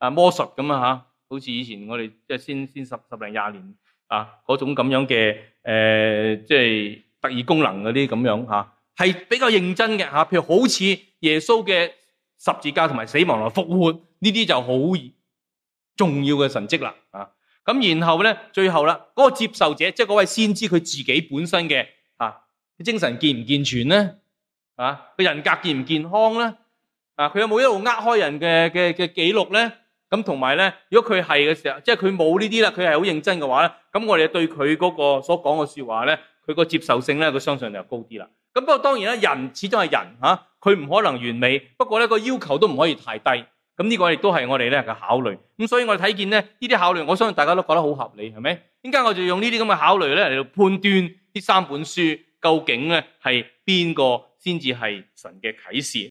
嘅魔術咁啊。好似以前我哋即先，先十十零廿年啊嗰種咁樣嘅呃即係。特異功能嗰啲咁樣吓，係比較認真嘅吓。譬如好似耶穌嘅十字架同埋死亡來復活呢啲就好重要嘅神蹟啦。啊，咁然後咧，最後啦，嗰個接受者即係嗰位先知佢自己本身嘅啊，精神健唔健全咧？啊，個人格健唔健康咧？啊，佢有冇一路呃開人嘅嘅嘅記錄咧？咁同埋咧，如果佢係嘅時候，即係佢冇呢啲啦，佢係好認真嘅話咧，咁我哋對佢嗰個所講嘅說話咧。佢個接受性呢，佢相信就高啲啦。咁不過當然啦，人始終係人嚇，佢唔可能完美。不過呢個要求都唔可以太低。咁呢個亦都係我哋呢嘅考慮。咁所以我哋睇見咧呢啲考慮，我相信大家都覺得好合理，係咪？依家我就用呢啲咁嘅考慮呢嚟到判斷呢三本書究竟咧係邊個先至係神嘅啟示。